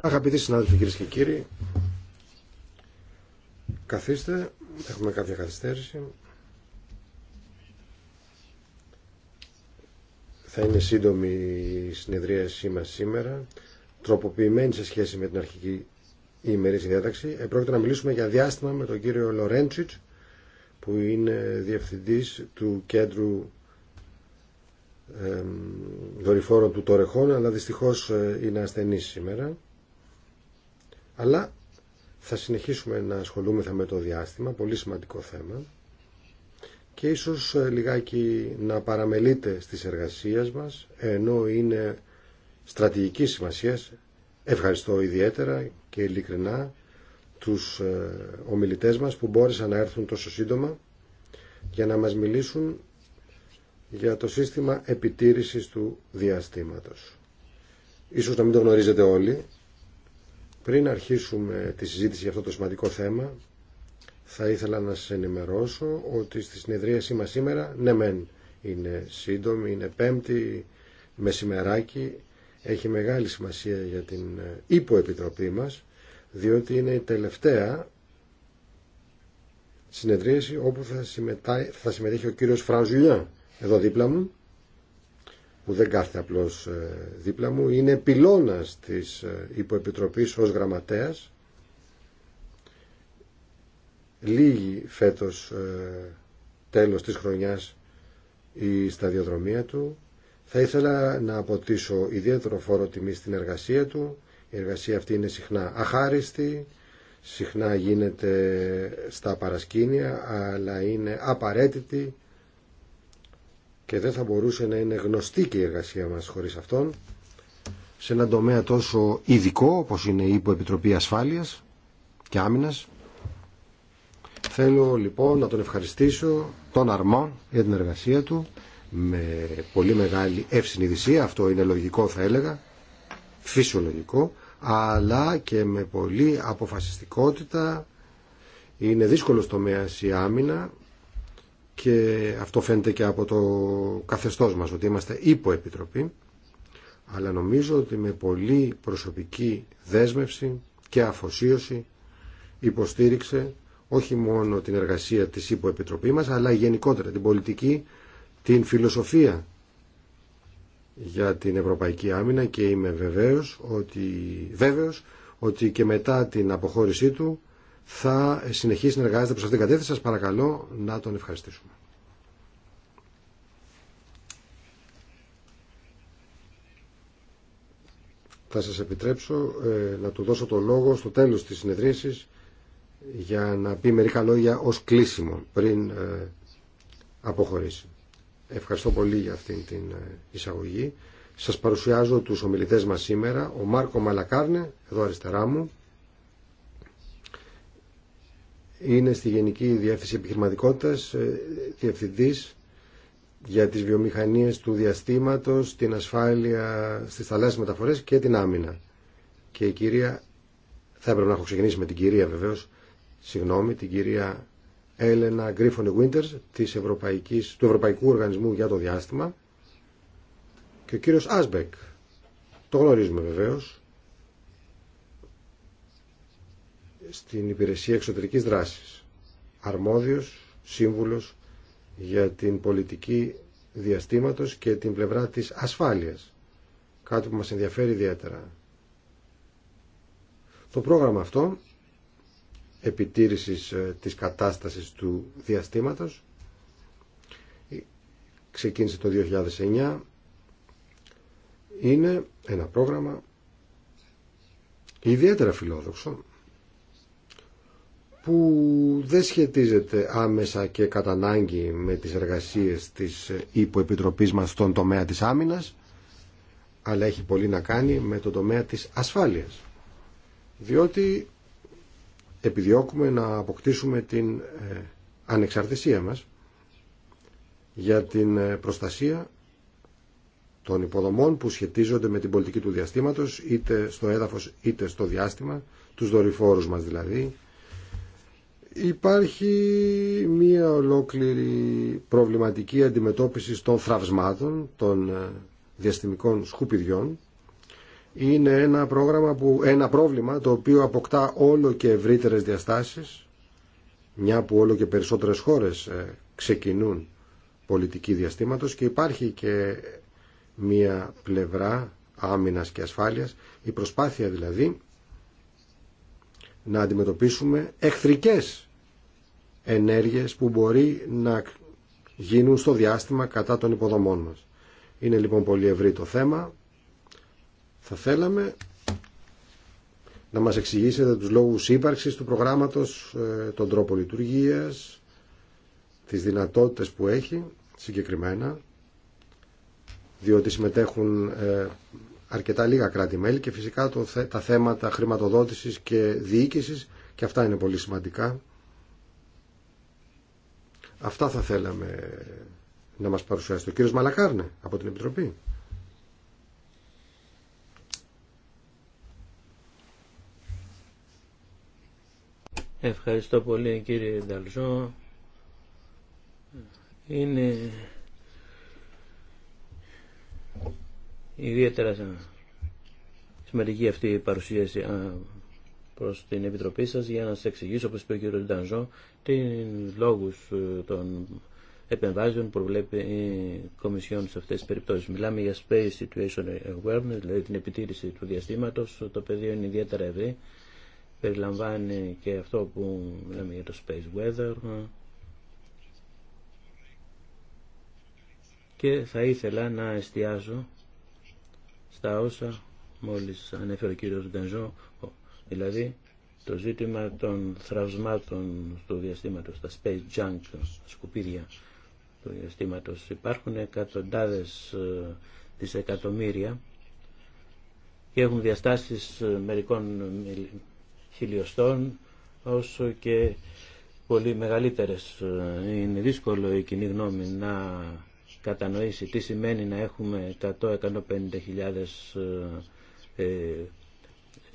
Αγαπητοί συνάδελφοι, κυρίε και κύριοι, καθίστε. Έχουμε κάποια καθυστέρηση. Θα είναι σύντομη η συνεδρίασή μα σήμερα, τροποποιημένη σε σχέση με την αρχική ημερήσια διάταξη. Επρόκειτο να μιλήσουμε για διάστημα με τον κύριο Λορέντσιτ, που είναι διευθυντή του κέντρου δορυφόρο του Τορεχών αλλά δυστυχώς ε, είναι ασθενής σήμερα αλλά θα συνεχίσουμε να ασχολούμεθα με το διάστημα πολύ σημαντικό θέμα και ίσως ε, λιγάκι να παραμελείτε στις εργασίες μας ενώ είναι στρατηγική σημασία ευχαριστώ ιδιαίτερα και ειλικρινά τους ε, ομιλητές μας που μπόρεσαν να έρθουν τόσο σύντομα για να μας μιλήσουν για το σύστημα επιτήρησης του διαστήματος. Ίσως να μην το γνωρίζετε όλοι. Πριν αρχίσουμε τη συζήτηση για αυτό το σημαντικό θέμα, θα ήθελα να σας ενημερώσω ότι στη συνεδρίασή μας σήμερα, ναι μεν, είναι σύντομη, είναι πέμπτη, μεσημεράκι, έχει μεγάλη σημασία για την υποεπιτροπή μας, διότι είναι η τελευταία συνεδρίαση όπου θα, συμμετά... συμμετέχει ο κύριος Φρανζουλιά, εδώ δίπλα μου, που δεν κάθεται απλώς ε, δίπλα μου, είναι πυλώνας της ε, υποεπιτροπής ως γραμματέας. Λίγη φέτος ε, τέλος της χρονιάς η σταδιοδρομία του. Θα ήθελα να αποτίσω ιδιαίτερο φόρο τιμή στην εργασία του. Η εργασία αυτή είναι συχνά αχάριστη, συχνά γίνεται στα παρασκήνια, αλλά είναι απαραίτητη και δεν θα μπορούσε να είναι γνωστή και η εργασία μας χωρίς αυτόν σε έναν τομέα τόσο ειδικό όπως είναι η Υποεπιτροπή Ασφάλειας και Άμυνας. Θέλω λοιπόν να τον ευχαριστήσω τον αρμό για την εργασία του με πολύ μεγάλη ευσυνειδησία, αυτό είναι λογικό θα έλεγα, φυσιολογικό, αλλά και με πολύ αποφασιστικότητα. Είναι δύσκολος τομέας η άμυνα, και αυτό φαίνεται και από το καθεστώς μας ότι είμαστε υποεπιτροπή αλλά νομίζω ότι με πολύ προσωπική δέσμευση και αφοσίωση υποστήριξε όχι μόνο την εργασία της υποεπιτροπή μας αλλά γενικότερα την πολιτική, την φιλοσοφία για την Ευρωπαϊκή Άμυνα και είμαι βεβαίως ότι, βέβαιος ότι και μετά την αποχώρησή του θα συνεχίσει να εργάζεται προς αυτήν την κατεύθυνση. Σας παρακαλώ να τον ευχαριστήσουμε. Θα σας επιτρέψω ε, να του δώσω το λόγο στο τέλος της συνεδρίασης για να πει μερικά λόγια ως κλείσιμο πριν ε, αποχωρήσει. Ευχαριστώ πολύ για αυτήν την ε, εισαγωγή. Σας παρουσιάζω τους ομιλητές μας σήμερα. Ο Μάρκο Μαλακάρνε, εδώ αριστερά μου, είναι στη Γενική Διεύθυνση Επιχειρηματικότητας ε, διευθυντής για τις βιομηχανίες του διαστήματος, την ασφάλεια στις θαλάσσιες μεταφορές και την άμυνα. Και η κυρία, θα έπρεπε να έχω ξεκινήσει με την κυρία βεβαίως, συγγνώμη, την κυρία Έλενα Γκρίφωνη Winters της Ευρωπαϊκής, του Ευρωπαϊκού Οργανισμού για το Διάστημα και ο κύριος Άσμπεκ. Το γνωρίζουμε βεβαίως. στην υπηρεσία εξωτερικής δράσης, αρμόδιος σύμβουλος για την πολιτική διαστήματος και την πλευρά της ασφάλειας, κάτι που μας ενδιαφέρει ιδιαίτερα. Το πρόγραμμα αυτό επιτήρησης ε, της κατάστασης του διαστήματος ε, ξεκίνησε το 2009 είναι ένα πρόγραμμα ιδιαίτερα φιλόδοξο που δεν σχετίζεται άμεσα και κατά ανάγκη με τις εργασίες της υποεπιτροπής μας στον τομέα της άμυνας, αλλά έχει πολύ να κάνει με τον τομέα της ασφάλειας. Διότι επιδιώκουμε να αποκτήσουμε την ε, ανεξαρτησία μας για την ε, προστασία των υποδομών που σχετίζονται με την πολιτική του διαστήματος, είτε στο έδαφος είτε στο διάστημα, τους δορυφόρους μας δηλαδή, Υπάρχει μία ολόκληρη προβληματική αντιμετώπιση των θραυσμάτων, των ε, διαστημικών σκουπιδιών. Είναι ένα, πρόγραμμα που, ένα πρόβλημα το οποίο αποκτά όλο και ευρύτερες διαστάσεις, μια που όλο και περισσότερες χώρες ε, ξεκινούν πολιτική διαστήματος και υπάρχει και μία πλευρά άμυνας και ασφάλειας, η προσπάθεια δηλαδή να αντιμετωπίσουμε εχθρικές ενέργειες που μπορεί να γίνουν στο διάστημα κατά των υποδομών μας. Είναι λοιπόν πολύ ευρύ το θέμα. Θα θέλαμε να μας εξηγήσετε τους λόγους ύπαρξης του προγράμματος, ε, τον τρόπο λειτουργίας, τις δυνατότητες που έχει συγκεκριμένα, διότι συμμετέχουν ε, αρκετά λίγα κράτη-μέλη και φυσικά τα θέματα χρηματοδότησης και διοίκησης και αυτά είναι πολύ σημαντικά Αυτά θα θέλαμε να μας παρουσιάσει ο κύριος Μαλακάρνε από την Επιτροπή. Ευχαριστώ πολύ κύριε Νταλζό. Είναι ιδιαίτερα σημαντική αυτή η παρουσίαση Προ την Επιτροπή σα για να σα εξηγήσω, όπω είπε ο κ. Ντανζό, την λόγους ε, των επεμβάσεων που βλέπει η Κομισιόν σε αυτέ τι περιπτώσει. Μιλάμε για Space Situation Awareness, δηλαδή την επιτήρηση του διαστήματο. Το πεδίο είναι ιδιαίτερα ευρύ. Περιλαμβάνει και αυτό που λέμε για το Space Weather. Και θα ήθελα να εστιάζω στα όσα μόλις ανέφερε ο κύριος Ντανζό δηλαδή το ζήτημα των θραυσμάτων του διαστήματος, τα space junk, σκουπίδια του διαστήματος. Υπάρχουν εκατοντάδες ε, δισεκατομμύρια και έχουν διαστάσεις ε, μερικών χιλιοστών όσο και πολύ μεγαλύτερες. Ε, είναι δύσκολο η κοινή γνώμη να κατανοήσει τι σημαίνει να έχουμε 100-150 χιλιάδες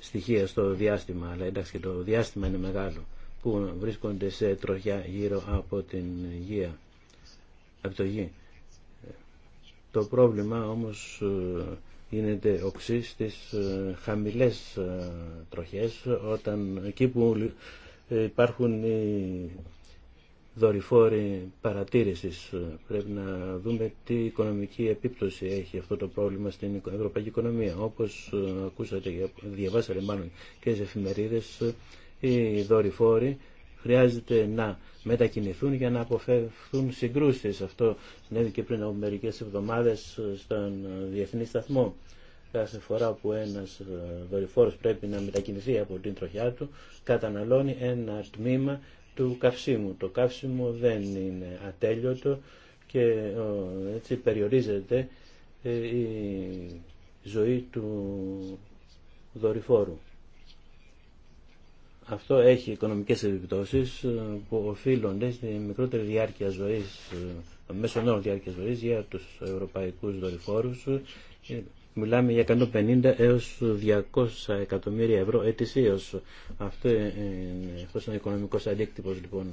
στοιχεία στο διάστημα, αλλά εντάξει και το διάστημα είναι μεγάλο, που βρίσκονται σε τροχιά γύρω από την γη. Από το, γη. το πρόβλημα όμως ε, γίνεται οξύ στις ε, χαμηλές ε, τροχές, όταν, εκεί που υπάρχουν οι δορυφόροι παρατήρησης. Πρέπει να δούμε τι οικονομική επίπτωση έχει αυτό το πρόβλημα στην ευρωπαϊκή οικονομία. Όπως ε, ακούσατε, διαβάσατε μάλλον και στις εφημερίδες, ε, οι δορυφόροι χρειάζεται να μετακινηθούν για να αποφευθούν συγκρούσεις. Αυτό συνέβη και πριν από μερικές εβδομάδες ε, στον Διεθνή Σταθμό. Κάθε φορά που ένας δορυφόρος πρέπει να μετακινηθεί από την τροχιά του, καταναλώνει ένα τμήμα του καυσίμου. Το καύσιμο δεν είναι ατέλειωτο και έτσι περιορίζεται ε, η ζωή του δορυφόρου. Αυτό έχει οικονομικές επιπτώσεις ε, που οφείλονται στη μικρότερη διάρκεια ζωής, ε, μέσω όρο διάρκεια ζωής για τους ευρωπαϊκούς δορυφόρους Μιλάμε για 150 έως 200 εκατομμύρια ευρώ ετησίως. Αυτό είναι, αυτός είναι ο οικονομικός αντίκτυπος λοιπόν.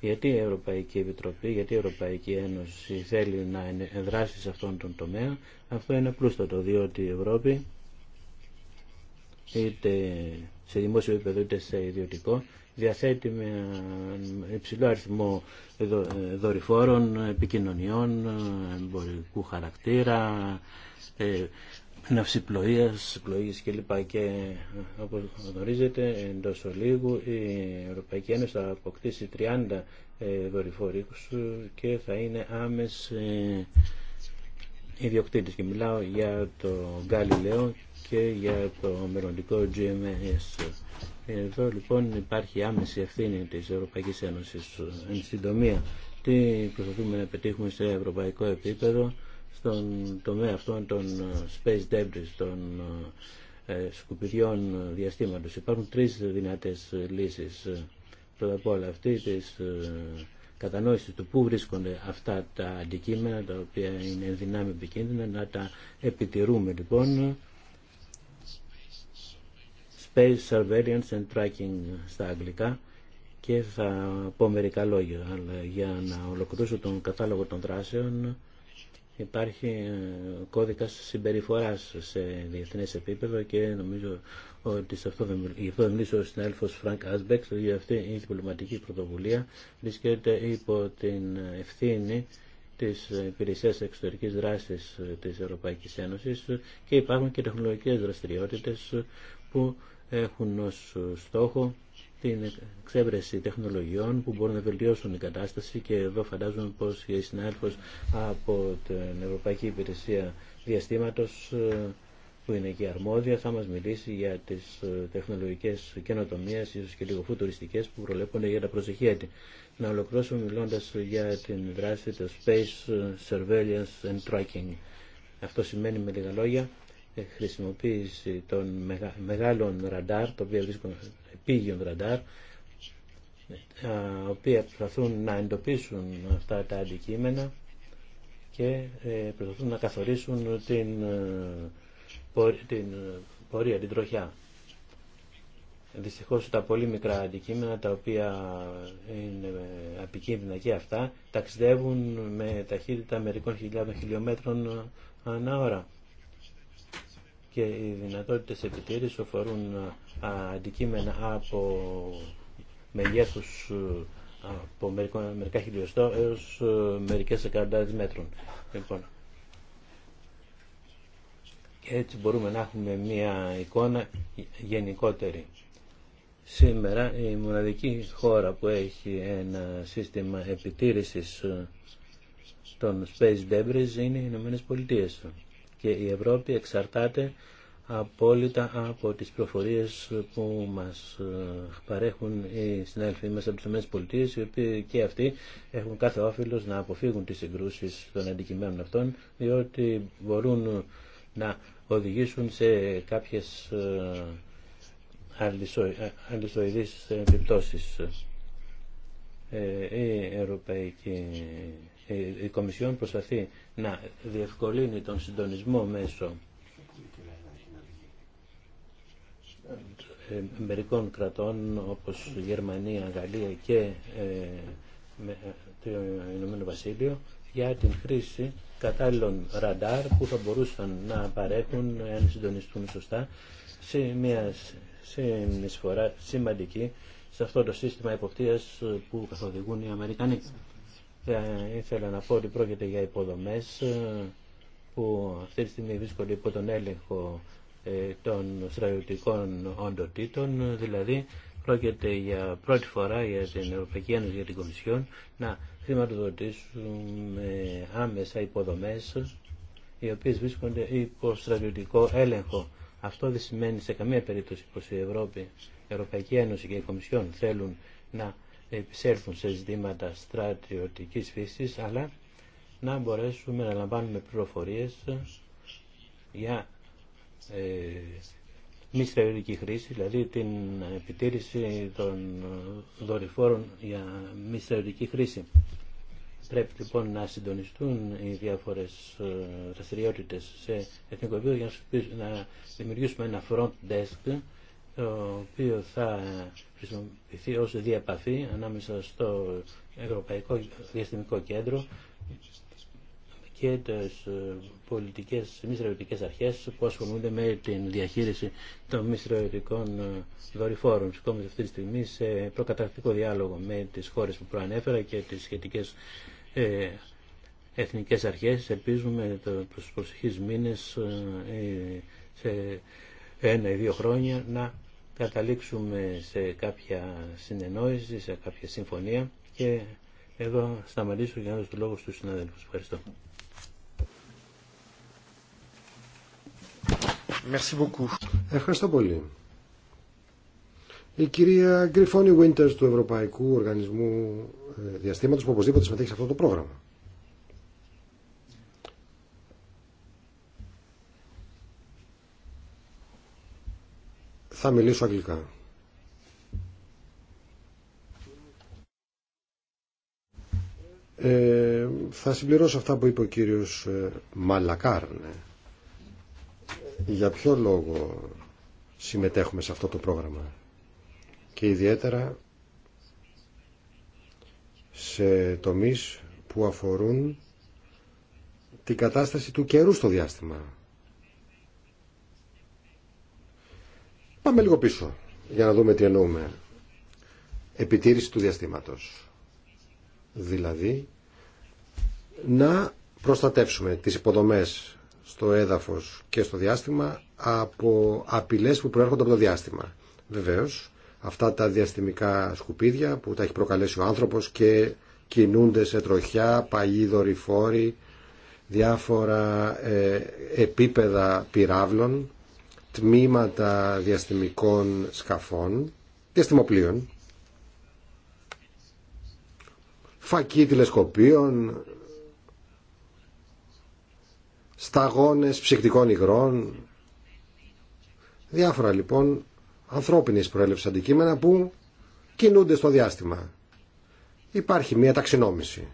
Γιατί η Ευρωπαϊκή Επιτροπή, γιατί η Ευρωπαϊκή Ένωση θέλει να ενδράσει σε αυτόν τον τομέα, αυτό είναι πλούστατο διότι η Ευρώπη είτε σε δημόσιο επίπεδο είτε σε ιδιωτικό διαθέτει με υψηλό αριθμό δορυφόρων, επικοινωνιών, εμπορικού χαρακτήρα, ναυσιπλοείας, πλοήγης κλπ. Και όπως γνωρίζετε εντός ολίγου η Ευρωπαϊκή Ένωση θα αποκτήσει 30 ε, δορυφορικούς και θα είναι άμεση ε, ιδιοκτήτης. Και μιλάω για το Γκάλιλαίο και για το μελλοντικό GMS. Εδώ λοιπόν υπάρχει άμεση ευθύνη της Ευρωπαϊκής Ένωσης. Εν συντομία, τι προσπαθούμε να πετύχουμε σε ευρωπαϊκό επίπεδο στον τομέα αυτών των ε, space debris, των ε, ε, σκουπιδιών διαστήματος. Υπάρχουν τρεις δυνατές λύσεις. Πρώτα απ' όλα αυτή της κατανόηση του πού βρίσκονται αυτά τα αντικείμενα τα οποία είναι δυνάμει επικίνδυνα να τα επιτηρούμε λοιπόν Space Surveillance and Tracking στα αγγλικά και θα πω μερικά λόγια αλλά για να ολοκληρώσω τον κατάλογο των δράσεων υπάρχει ε, κώδικας συμπεριφοράς σε διεθνές επίπεδο και νομίζω ότι σε αυτό γι' αυτό θα μιλήσω ο συνάδελφος Φρανκ Άσμπεκ, ότι αυτή η διπλωματική πρωτοβουλία βρίσκεται υπό την ευθύνη της υπηρεσίας εξωτερικής δράσης της Ευρωπαϊκής Ένωσης και υπάρχουν και τεχνολογικές δραστηριότητες που έχουν ως στόχο την εξέβρεση τεχνολογιών που μπορούν να βελτιώσουν την κατάσταση και εδώ φαντάζομαι πως η συνάδελφος από την Ευρωπαϊκή Υπηρεσία Διαστήματος ε, που είναι και αρμόδια θα μας μιλήσει για τις ε, τεχνολογικές καινοτομίες ίσως και λίγο φουτουριστικές που προλέπονται για τα προσοχή έτη. Να ολοκληρώσουμε μιλώντας για την δράση του Space Surveillance and Tracking. Αυτό σημαίνει με λίγα λόγια ε, χρησιμοποίηση των μεγάλων ραντάρ, το οποίο βρίσκονται επίγειων ραντάρ, τα οποία ε, προσπαθούν να εντοπίσουν αυτά τα αντικείμενα και ε, προσπαθούν να καθορίσουν την, την πορεία, την τροχιά. Δυστυχώς τα πολύ μικρά αντικείμενα, τα οποία είναι επικίνδυνα και αυτά, ταξιδεύουν με ταχύτητα μερικών χιλιάδων χιλιόμετρων ανά ώρα και οι δυνατότητες επιτήρησης αφορούν αντικείμενα από μεγέθους από μερικά χιλιοστό έως μερικές εκατοντάδες μέτρων. Λοιπόν, και έτσι μπορούμε να έχουμε μία εικόνα γενικότερη. Σήμερα η μοναδική χώρα που έχει ένα σύστημα επιτήρησης των space debris είναι οι Ηνωμένες Πολιτείες και η Ευρώπη εξαρτάται απόλυτα από τις προφορίες που μας ε, παρέχουν οι συνάδελφοί μας από τις ΗΠΑ, οι οποίοι και αυτοί έχουν κάθε όφελος να αποφύγουν τις συγκρούσεις των αντικειμένων αυτών, διότι μπορούν να οδηγήσουν σε κάποιες ε, ε, αλυσοειδείς επιπτώσεις. Η Ευρωπαϊκή ε, η Κομισιόν προσπαθεί να διευκολύνει τον συντονισμό μέσω ε, μερικών κρατών όπως Γερμανία, Γαλλία και ε, το Ηνωμένο Βασίλειο για την χρήση κατάλληλων ραντάρ που θα μπορούσαν να παρέχουν αν συντονιστούν σωστά σε μια συνεισφορά σημαντική σε αυτό το σύστημα υποκτήρας που καθοδηγούν οι Αμερικανοί. Θα ήθελα να πω ότι πρόκειται για υποδομές ε, που αυτή τη στιγμή βρίσκονται υπό τον έλεγχο ε, των στρατιωτικών οντοτήτων, δηλαδή πρόκειται για πρώτη φορά για την Ευρωπαϊκή Ένωση για την Κομισιόν να χρηματοδοτήσουμε άμεσα υποδομές οι οποίες βρίσκονται υπό στρατιωτικό έλεγχο. Αυτό δεν σημαίνει σε καμία περίπτωση πως η Ευρώπη, η Ευρωπαϊκή Ένωση και η Κομισιόν θέλουν να επισέλθουν σε ζητήματα στρατιωτικής φύσης, αλλά να μπορέσουμε να λαμβάνουμε πληροφορίες για ε, μη στρατιωτική χρήση, δηλαδή την επιτήρηση των δορυφόρων για μη στρατιωτική χρήση. Πρέπει λοιπόν να συντονιστούν οι διάφορες ε, δραστηριότητε σε εθνικό επίπεδο για να δημιουργήσουμε ένα front desk το οποίο θα χρησιμοποιηθεί ως διαπαθή ανάμεσα στο Ευρωπαϊκό Διαστημικό Κέντρο και τις ε, πολιτικές, μη στρατιωτικές αρχές που ασχολούνται με την διαχείριση των μη στρατιωτικών ε, δορυφόρων. Βρισκόμαστε αυτή τη στιγμή σε προκαταρκτικό διάλογο με τις χώρες που προανέφερα και τις σχετικές ε, εθνικές αρχές. Ελπίζουμε τους προσεχείς μήνες ε, ένα ή δύο χρόνια να καταλήξουμε σε κάποια συνεννόηση, σε κάποια συμφωνία και εδώ σταματήσω για να δώσω το λόγο στους συνάδελφους. Ευχαριστώ. Ευχαριστώ πολύ. Η κυρία Γκριφόνη Βίντερς του Ευρωπαϊκού Οργανισμού ε, Διαστήματος που οπωσδήποτε συμμετέχει σε αυτό το πρόγραμμα. Θα μιλήσω αγγλικά. Ε, θα συμπληρώσω αυτά που είπε ο κύριος ε, Μαλακάρνε. Ναι. Για ποιο λόγο συμμετέχουμε σε αυτό το πρόγραμμα και ιδιαίτερα σε τομείς που αφορούν την κατάσταση του καιρού στο διάστημα. Πάμε λίγο πίσω για να δούμε τι εννοούμε. Επιτήρηση του διαστήματος. Δηλαδή, να προστατεύσουμε τις υποδομές στο έδαφος και στο διάστημα από απειλές που προέρχονται από το διάστημα. Βεβαίως, αυτά τα διαστημικά σκουπίδια που τα έχει προκαλέσει ο άνθρωπος και κινούνται σε τροχιά, παλιοί δορυφόροι, διάφορα ε, επίπεδα πυράβλων τμήματα διαστημικών σκαφών, διαστημοπλοίων, φακοί τηλεσκοπίων, σταγόνες ψυχτικών υγρών, διάφορα λοιπόν ανθρώπινης προέλευσης αντικείμενα που κινούνται στο διάστημα. Υπάρχει μια ταξινόμηση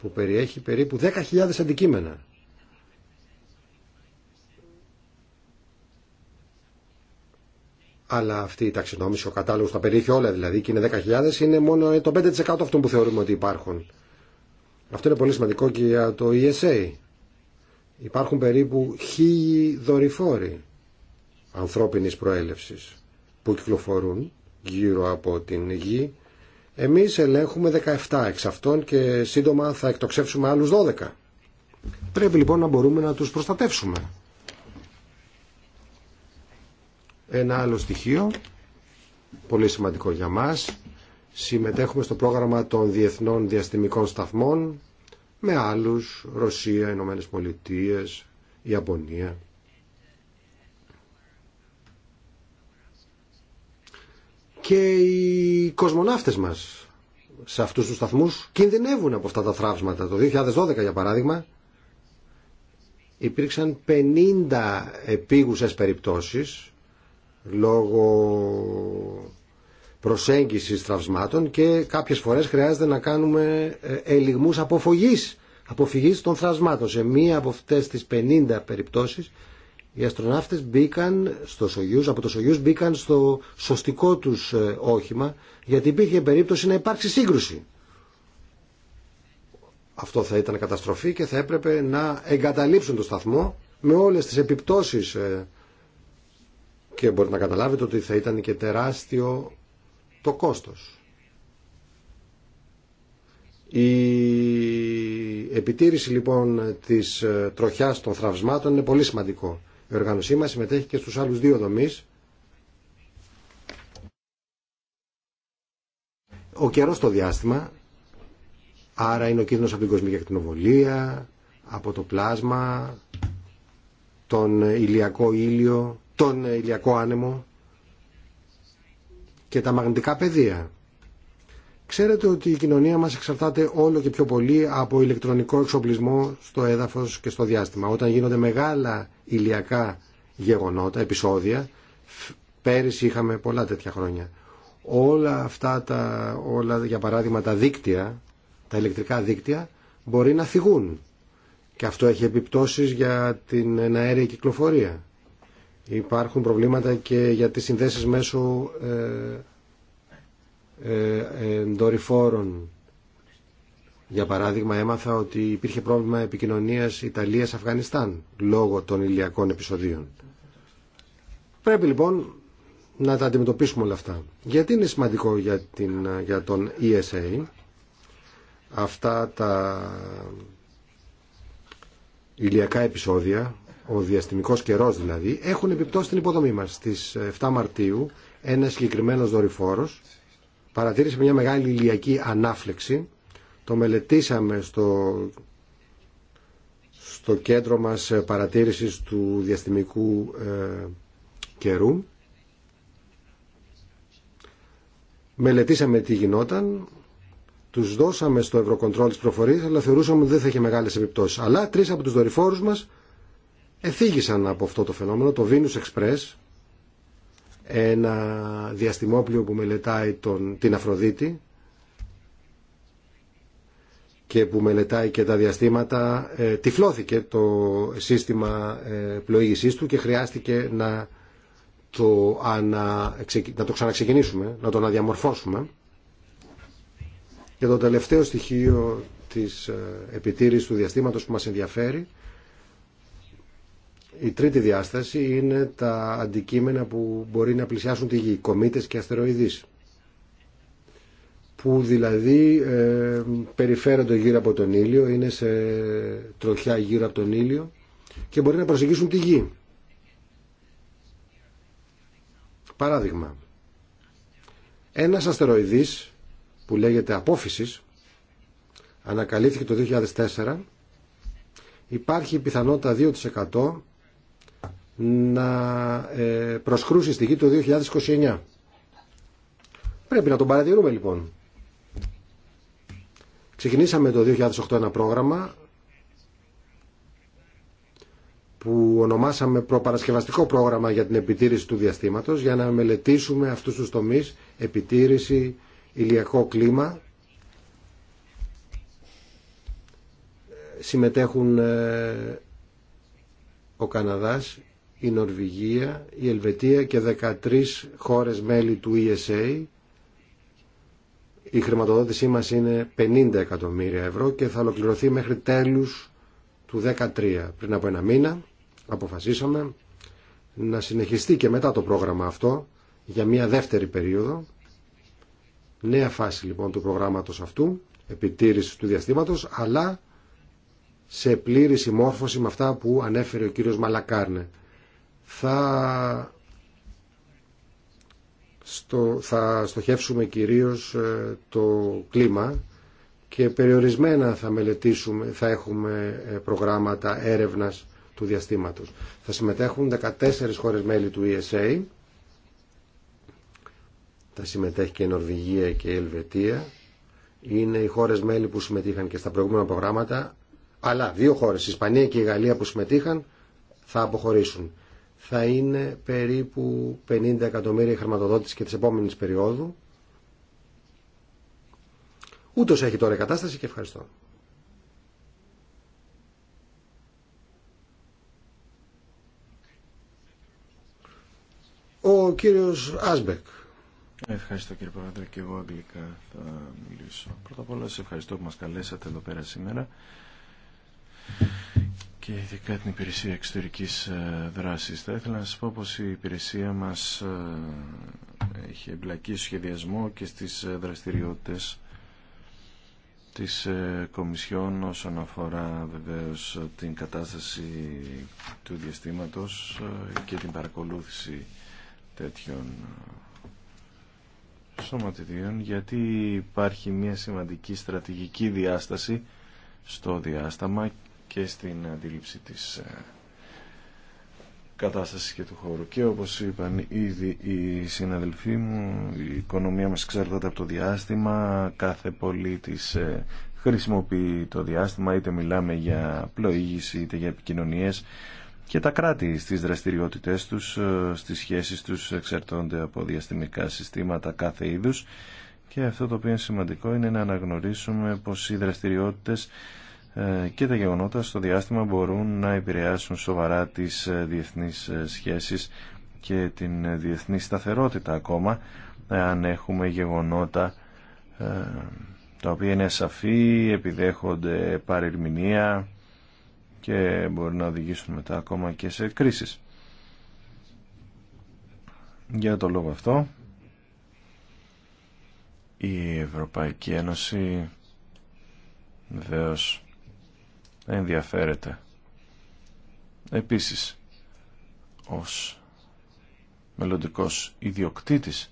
που περιέχει περίπου 10.000 αντικείμενα Αλλά αυτή η ταξινόμηση, ο κατάλογο τα περιέχει όλα δηλαδή και είναι 10.000, είναι μόνο ε, το 5% αυτών που θεωρούμε ότι υπάρχουν. Αυτό είναι πολύ σημαντικό και για το ESA. Υπάρχουν περίπου χίλιοι δορυφόροι ανθρώπινης προέλευση που κυκλοφορούν γύρω από την γη. Εμείς ελέγχουμε 17 εξ αυτών και σύντομα θα εκτοξεύσουμε άλλου 12. Πρέπει λοιπόν να μπορούμε να του προστατεύσουμε. Ένα άλλο στοιχείο, πολύ σημαντικό για μας, συμμετέχουμε στο πρόγραμμα των διεθνών διαστημικών σταθμών με άλλους, Ρωσία, Ηνωμένε Πολιτείε, Ιαπωνία. Και οι κοσμοναύτες μας σε αυτούς τους σταθμούς κινδυνεύουν από αυτά τα θράψματα. Το 2012 για παράδειγμα υπήρξαν 50 επίγουσες περιπτώσεις λόγω προσέγγισης τραυσμάτων και κάποιες φορές χρειάζεται να κάνουμε ε, ελιγμούς αποφυγής, αποφυγής των τραυσμάτων. Σε μία από αυτές τις 50 περιπτώσεις οι αστροναύτες μπήκαν στο Σογιούς, από το Σογιούς μπήκαν στο σωστικό τους ε, όχημα γιατί υπήρχε περίπτωση να υπάρξει σύγκρουση. Αυτό θα ήταν καταστροφή και θα έπρεπε να εγκαταλείψουν το σταθμό με όλες τις επιπτώσεις ε, και μπορείτε να καταλάβετε ότι θα ήταν και τεράστιο το κόστος. Η επιτήρηση λοιπόν της ε, τροχιάς των θραυσμάτων είναι πολύ σημαντικό. Η οργάνωσή μας συμμετέχει και στους άλλους δύο δομείς. Ο καιρός το διάστημα, άρα είναι ο κίνδυνος από την κοσμική ακτινοβολία, από το πλάσμα, τον ηλιακό ήλιο, τον ηλιακό άνεμο και τα μαγνητικά πεδία. Ξέρετε ότι η κοινωνία μας εξαρτάται όλο και πιο πολύ από ηλεκτρονικό εξοπλισμό στο έδαφος και στο διάστημα. Όταν γίνονται μεγάλα ηλιακά γεγονότα, επεισόδια, πέρυσι είχαμε πολλά τέτοια χρόνια. Όλα αυτά τα, όλα, για παράδειγμα τα δίκτυα, τα ηλεκτρικά δίκτυα, μπορεί να θυγούν. Και αυτό έχει επιπτώσεις για την αέρια κυκλοφορία. Υπάρχουν προβλήματα και για τις συνδέσεις μέσω δορυφόρων. Ε, ε, για παράδειγμα, έμαθα ότι υπήρχε πρόβλημα επικοινωνίας Ιταλίας-Αφγανιστάν λόγω των ηλιακών επεισοδίων. Πρέπει λοιπόν να τα αντιμετωπίσουμε όλα αυτά. Γιατί είναι σημαντικό για, την, για τον ESA αυτά τα ηλιακά επεισόδια ο διαστημικό καιρό δηλαδή, έχουν επιπτώσει στην υποδομή μας. Στις 7 ε, Μαρτίου ένα συγκεκριμένο δορυφόρος παρατήρησε μια μεγάλη ηλιακή ανάφλεξη. Το μελετήσαμε στο, στο κέντρο μας ε, παρατήρησης του διαστημικού ε, καιρού. Μελετήσαμε τι γινόταν, τους δώσαμε στο Ευρωκοντρόλ τη προφορία, αλλά θεωρούσαμε ότι δεν θα είχε μεγάλες επιπτώσεις. Αλλά τρεις από τους δορυφόρους μας εθίγησαν από αυτό το φαινόμενο, το Venus Express, ένα διαστημόπλιο που μελετάει τον, την Αφροδίτη και που μελετάει και τα διαστήματα, ε, τυφλώθηκε το σύστημα ε, πλοήγησής του και χρειάστηκε να το, να το ξαναξεκινήσουμε, να το αναδιαμορφώσουμε. Και το τελευταίο στοιχείο της ε, επιτήρησης του διαστήματος που μας ενδιαφέρει η τρίτη διάσταση είναι τα αντικείμενα που μπορεί να πλησιάσουν τη γη, κομήτες και αστεροειδείς, που δηλαδή ε, περιφέρονται γύρω από τον ήλιο, είναι σε τροχιά γύρω από τον ήλιο και μπορεί να προσεγγίσουν τη γη. Παράδειγμα, ένας αστεροειδής που λέγεται απόφυσης ανακαλύφθηκε το 2004 υπάρχει πιθανότητα 2% να ε, προσχρούσει στη γη το 2029. Πρέπει να τον παρατηρούμε λοιπόν. Ξεκινήσαμε το 2008 ένα πρόγραμμα που ονομάσαμε προπαρασκευαστικό πρόγραμμα για την επιτήρηση του διαστήματος για να μελετήσουμε αυτούς τους τομείς επιτήρηση, ηλιακό κλίμα συμμετέχουν ε, ο Καναδάς η Νορβηγία, η Ελβετία και 13 χώρες μέλη του ESA. Η χρηματοδότησή μας είναι 50 εκατομμύρια ευρώ και θα ολοκληρωθεί μέχρι τέλους του 2013. Πριν από ένα μήνα αποφασίσαμε να συνεχιστεί και μετά το πρόγραμμα αυτό για μια δεύτερη περίοδο. Νέα φάση λοιπόν του προγράμματος αυτού, επιτήρηση του διαστήματος, αλλά σε πλήρη συμμόρφωση με αυτά που ανέφερε ο κύριος Μαλακάρνε θα, στο, θα στοχεύσουμε κυρίως ε, το κλίμα και περιορισμένα θα μελετήσουμε, θα έχουμε ε, προγράμματα έρευνας του διαστήματος. Θα συμμετέχουν 14 χώρες μέλη του ESA, θα συμμετέχει και η Νορβηγία και η Ελβετία, είναι οι χώρες μέλη που συμμετείχαν και στα προηγούμενα προγράμματα, αλλά δύο χώρες, η Ισπανία και η Γαλλία που συμμετείχαν, θα αποχωρήσουν θα είναι περίπου 50 εκατομμύρια χρηματοδότηση και της επόμενης περίοδου. Ούτως έχει τώρα η κατάσταση και ευχαριστώ. Ο κύριος Άσμπεκ. Ευχαριστώ κύριε Πρόεδρε και εγώ αγγλικά θα μιλήσω. Πρώτα απ' όλα σε ευχαριστώ που μας καλέσατε εδώ πέρα σήμερα και ειδικά την υπηρεσία εξωτερικής ε, δράσης. Θα ήθελα να σας πω πως η υπηρεσία μας ε, έχει εμπλακεί στο σχεδιασμό και στις ε, δραστηριότητες της Κομισιόν όσον αφορά βεβαίως την κατάσταση του διαστήματος και την παρακολούθηση τέτοιων σωματιδίων γιατί υπάρχει μια σημαντική στρατηγική διάσταση στο διάσταμα και στην αντίληψη της ε, κατάστασης και του χώρου. Και όπως είπαν ήδη οι συναδελφοί μου, η οικονομία μας εξαρτάται από το διάστημα, κάθε πολίτης ε, χρησιμοποιεί το διάστημα, είτε μιλάμε για πλοήγηση είτε για επικοινωνίες και τα κράτη στις δραστηριότητές τους, ε, στις σχέσεις τους εξαρτώνται από διαστημικά συστήματα κάθε είδους και αυτό το οποίο είναι σημαντικό είναι να αναγνωρίσουμε πως οι δραστηριότητες ε, και τα γεγονότα στο διάστημα μπορούν να επηρεάσουν σοβαρά τις ε, διεθνείς ε, σχέσεις και την διεθνή σταθερότητα ακόμα αν έχουμε γεγονότα τα οποία είναι σαφή, επιδέχονται παρερμηνία και μπορεί να οδηγήσουν μετά ακόμα και σε κρίσεις. Για το λόγο αυτό η Ευρωπαϊκή Ένωση βεβαίως ενδιαφέρεται. Επίσης, ως μελλοντικός ιδιοκτήτης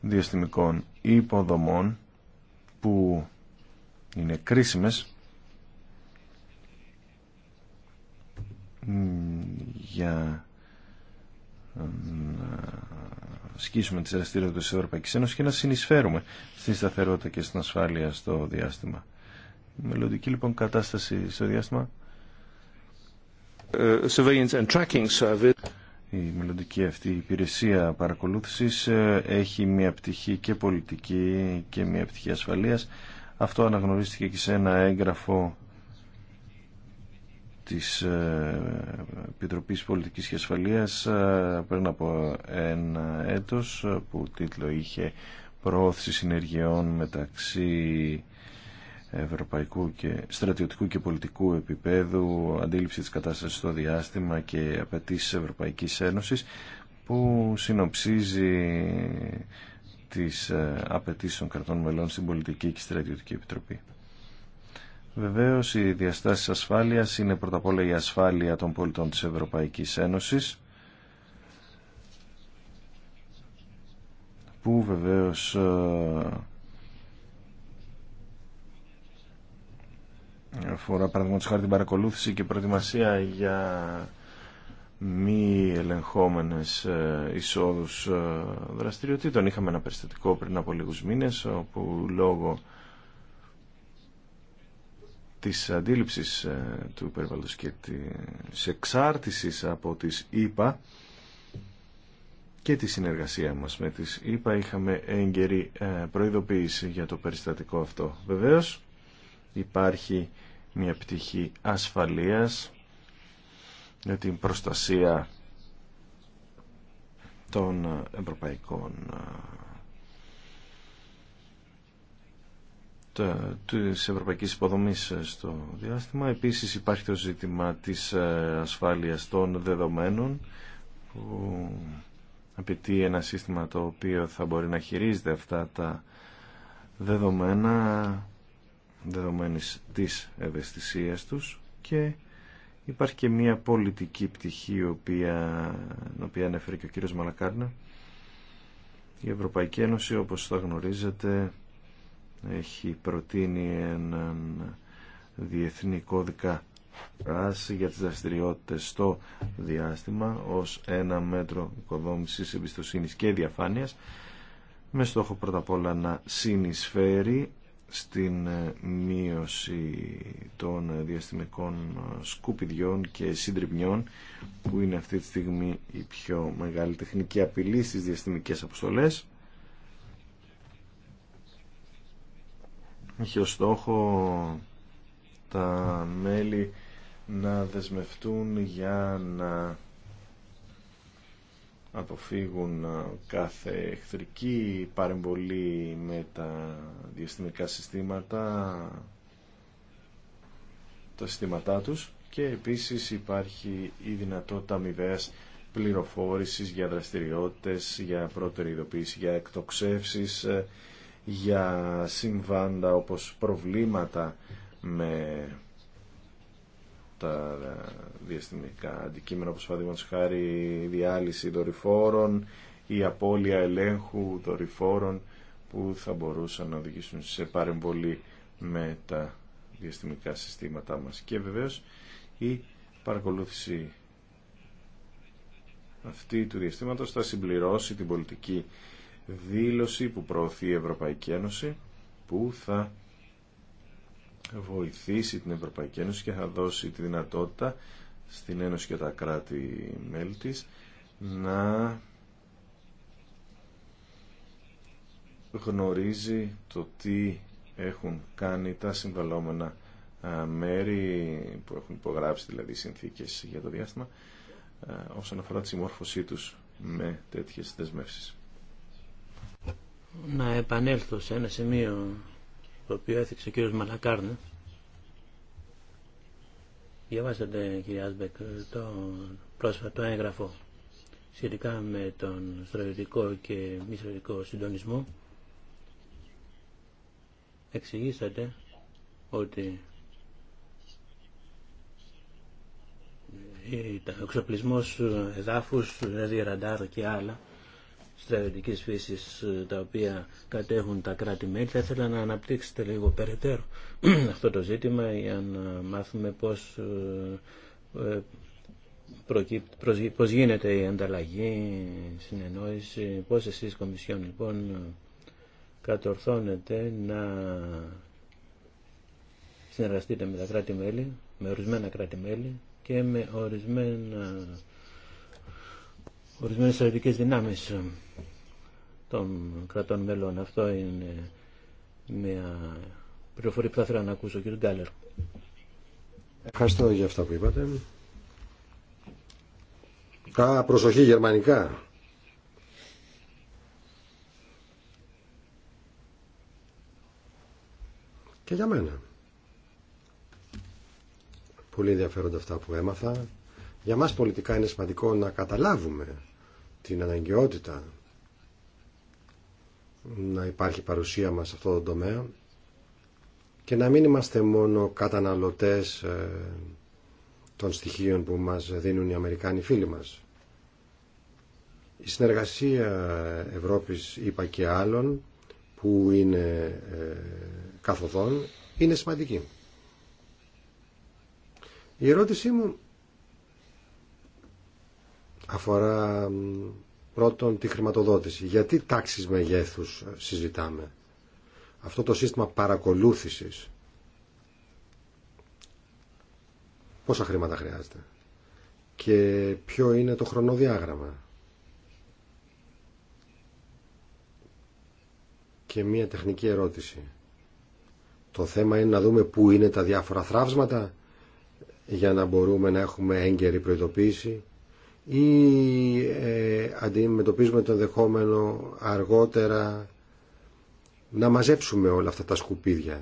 διαστημικών υποδομών που είναι κρίσιμες για να σκίσουμε τις δραστηριότητες της Ευρωπαϊκής Ένωσης και να συνεισφέρουμε στη σταθερότητα και στην ασφάλεια στο διάστημα μελλοντική λοιπόν κατάσταση στο διάστημα. Ε, Η μελλοντική αυτή υπηρεσία παρακολούθησης ε, έχει μια πτυχή και πολιτική και μια πτυχή ασφαλείας. Αυτό αναγνωρίστηκε και σε ένα έγγραφο της ε, Επιτροπής Πολιτικής και Ασφαλείας πριν από ένα έτος που τίτλο είχε «Προώθηση συνεργειών μεταξύ ευρωπαϊκού και στρατιωτικού και πολιτικού επίπεδου, αντίληψη της κατάστασης στο διάστημα και απαιτήσει Ευρωπαϊκής Ένωσης που συνοψίζει τις ε, απαιτήσει των κρατών μελών στην Πολιτική και Στρατιωτική Επιτροπή. Βεβαίως οι διαστάσεις ασφάλειας είναι πρώτα απ' όλα η ασφάλεια των πολιτών της Ευρωπαϊκής Ένωσης που βεβαίως ε, αφορά παραδείγματο χάρη την παρακολούθηση και προετοιμασία για μη ελεγχόμενες ε, εισόδου ε, δραστηριοτήτων. Είχαμε ένα περιστατικό πριν από λίγου μήνε όπου λόγω της αντίληψη ε, του περιβάλλοντος και της εξάρτησης από τις ΗΠΑ και τη συνεργασία μας με τις ΙΠΑ είχαμε έγκαιρη προειδοποίηση για το περιστατικό αυτό. Βεβαίως υπάρχει μια πτυχή ασφαλείας για την προστασία των ευρωπαϊκών της ευρωπαϊκής υποδομής στο διάστημα. Επίσης υπάρχει το ζήτημα της ε, ασφάλειας των δεδομένων που απαιτεί ένα σύστημα το οποίο θα μπορεί να χειρίζεται αυτά τα δεδομένα δεδομένης της ευαισθησίας τους και υπάρχει και μια πολιτική πτυχή η οποία, την οποία ανέφερε και ο κύριος Μαλακάρνα η Ευρωπαϊκή Ένωση όπως θα γνωρίζετε έχει προτείνει έναν διεθνή κώδικα πράση για τις δραστηριότητε στο διάστημα ως ένα μέτρο οικοδόμησης εμπιστοσύνης και διαφάνειας με στόχο πρώτα απ' όλα να συνεισφέρει στην ε, μείωση των ε, διαστημικών ε, σκουπιδιών και συντριπνιών που είναι αυτή τη στιγμή η πιο μεγάλη τεχνική απειλή στις διαστημικές αποστολές Έχει ως στόχο τα μέλη να δεσμευτούν για να αποφύγουν ε, κάθε εχθρική παρεμβολή με τα διαστημικά συστήματα τα συστήματά τους και επίσης υπάρχει η δυνατότητα αμοιβαίας πληροφόρησης για δραστηριότητες, για πρώτερη ειδοποίηση, για εκτοξεύσεις, ε, για συμβάντα όπως προβλήματα με τα διαστημικά αντικείμενα όπως παραδείγματος χάρη διάλυση δορυφόρων η απώλεια ελέγχου δορυφόρων που θα μπορούσαν να οδηγήσουν σε παρεμβολή με τα διαστημικά συστήματά μας και βεβαίως η παρακολούθηση αυτή του διαστήματος θα συμπληρώσει την πολιτική δήλωση που προωθεί η Ευρωπαϊκή Ένωση που θα βοηθήσει την Ευρωπαϊκή Ένωση και θα δώσει τη δυνατότητα στην Ένωση και τα κράτη-μέλη της να γνωρίζει το τι έχουν κάνει τα συμβαλόμενα μέρη που έχουν υπογράψει δηλαδή συνθήκες για το διάστημα όσον αφορά τη συμμόρφωσή τους με τέτοιες δεσμεύσεις. Να επανέλθω σε ένα σημείο το οποίο έθιξε ο κύριος Μαλακάρν. Διαβάσατε, κύριε Άσμπεκ, το πρόσφατο έγγραφο σχετικά με τον στρατιωτικό και μη στρατιωτικό συντονισμό. Εξηγήσατε ότι ο εξοπλισμός εδάφους, δηλαδή ραντάρ και άλλα, στρατιωτικής φύσης ε, τα οποία κατέχουν τα κράτη-μέλη. Θα ήθελα να αναπτύξετε λίγο περαιτέρω αυτό το ζήτημα για να μάθουμε πώς, ε, ε, πώς γίνεται η ανταλλαγή, η συνεννόηση, πώς εσείς Κομισιόν λοιπόν κατορθώνετε να συνεργαστείτε με τα κράτη-μέλη, με ορισμένα κράτη-μέλη και με ορισμένα ορισμένες στρατιωτικές δυνάμεις ε, των κρατών μελών. Αυτό είναι μια πληροφορία που θα ήθελα να ακούσω, κύριε Γκάλερ. Ευχαριστώ για αυτά που είπατε. Α, προσοχή γερμανικά. Και για μένα. Πολύ ενδιαφέροντα αυτά που έμαθα. Για μας πολιτικά είναι σημαντικό να καταλάβουμε την αναγκαιότητα να υπάρχει παρουσία μας σε αυτό το τομέα και να μην είμαστε μόνο καταναλωτές ε, των στοιχείων που μας δίνουν οι Αμερικάνοι φίλοι μας. Η συνεργασία Ευρώπης, είπα και άλλων, που είναι ε, καθοδόν, είναι σημαντική. Η ερώτησή μου αφορά πρώτον τη χρηματοδότηση. Γιατί τάξεις μεγέθους ε, συζητάμε. Αυτό το σύστημα παρακολούθησης. Πόσα χρήματα χρειάζεται. Και ποιο είναι το χρονοδιάγραμμα. Και μία τεχνική ερώτηση. Το θέμα είναι να δούμε πού είναι τα διάφορα θράψματα για να μπορούμε να έχουμε έγκαιρη προειδοποίηση ή ε, αντιμετωπίζουμε το ενδεχόμενο αργότερα να μαζέψουμε όλα αυτά τα σκουπίδια.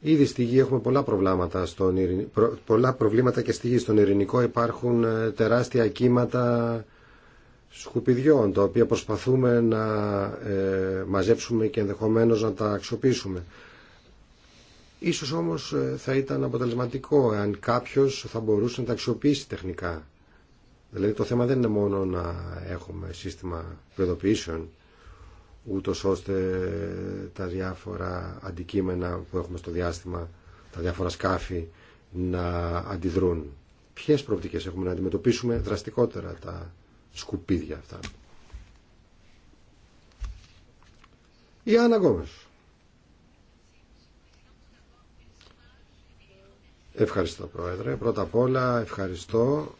Ήδη στη γη έχουμε πολλά προβλήματα, στον πολλά προβλήματα και στη γη. Στον ειρηνικό υπάρχουν ε, τεράστια κύματα σκουπιδιών, τα οποία προσπαθούμε να ε, μαζέψουμε και ενδεχομένως να τα αξιοποιήσουμε. Ίσως όμως ε, θα ήταν αποτελεσματικό αν κάποιος θα μπορούσε να τα αξιοποιήσει τεχνικά Δηλαδή το θέμα δεν είναι μόνο να έχουμε σύστημα προειδοποιήσεων ούτω ώστε τα διάφορα αντικείμενα που έχουμε στο διάστημα, τα διάφορα σκάφη να αντιδρούν. Ποιες προοπτικές έχουμε να αντιμετωπίσουμε δραστικότερα τα σκουπίδια αυτά. Η Άννα Γκόμες. Ευχαριστώ Πρόεδρε. Πρώτα απ' όλα ευχαριστώ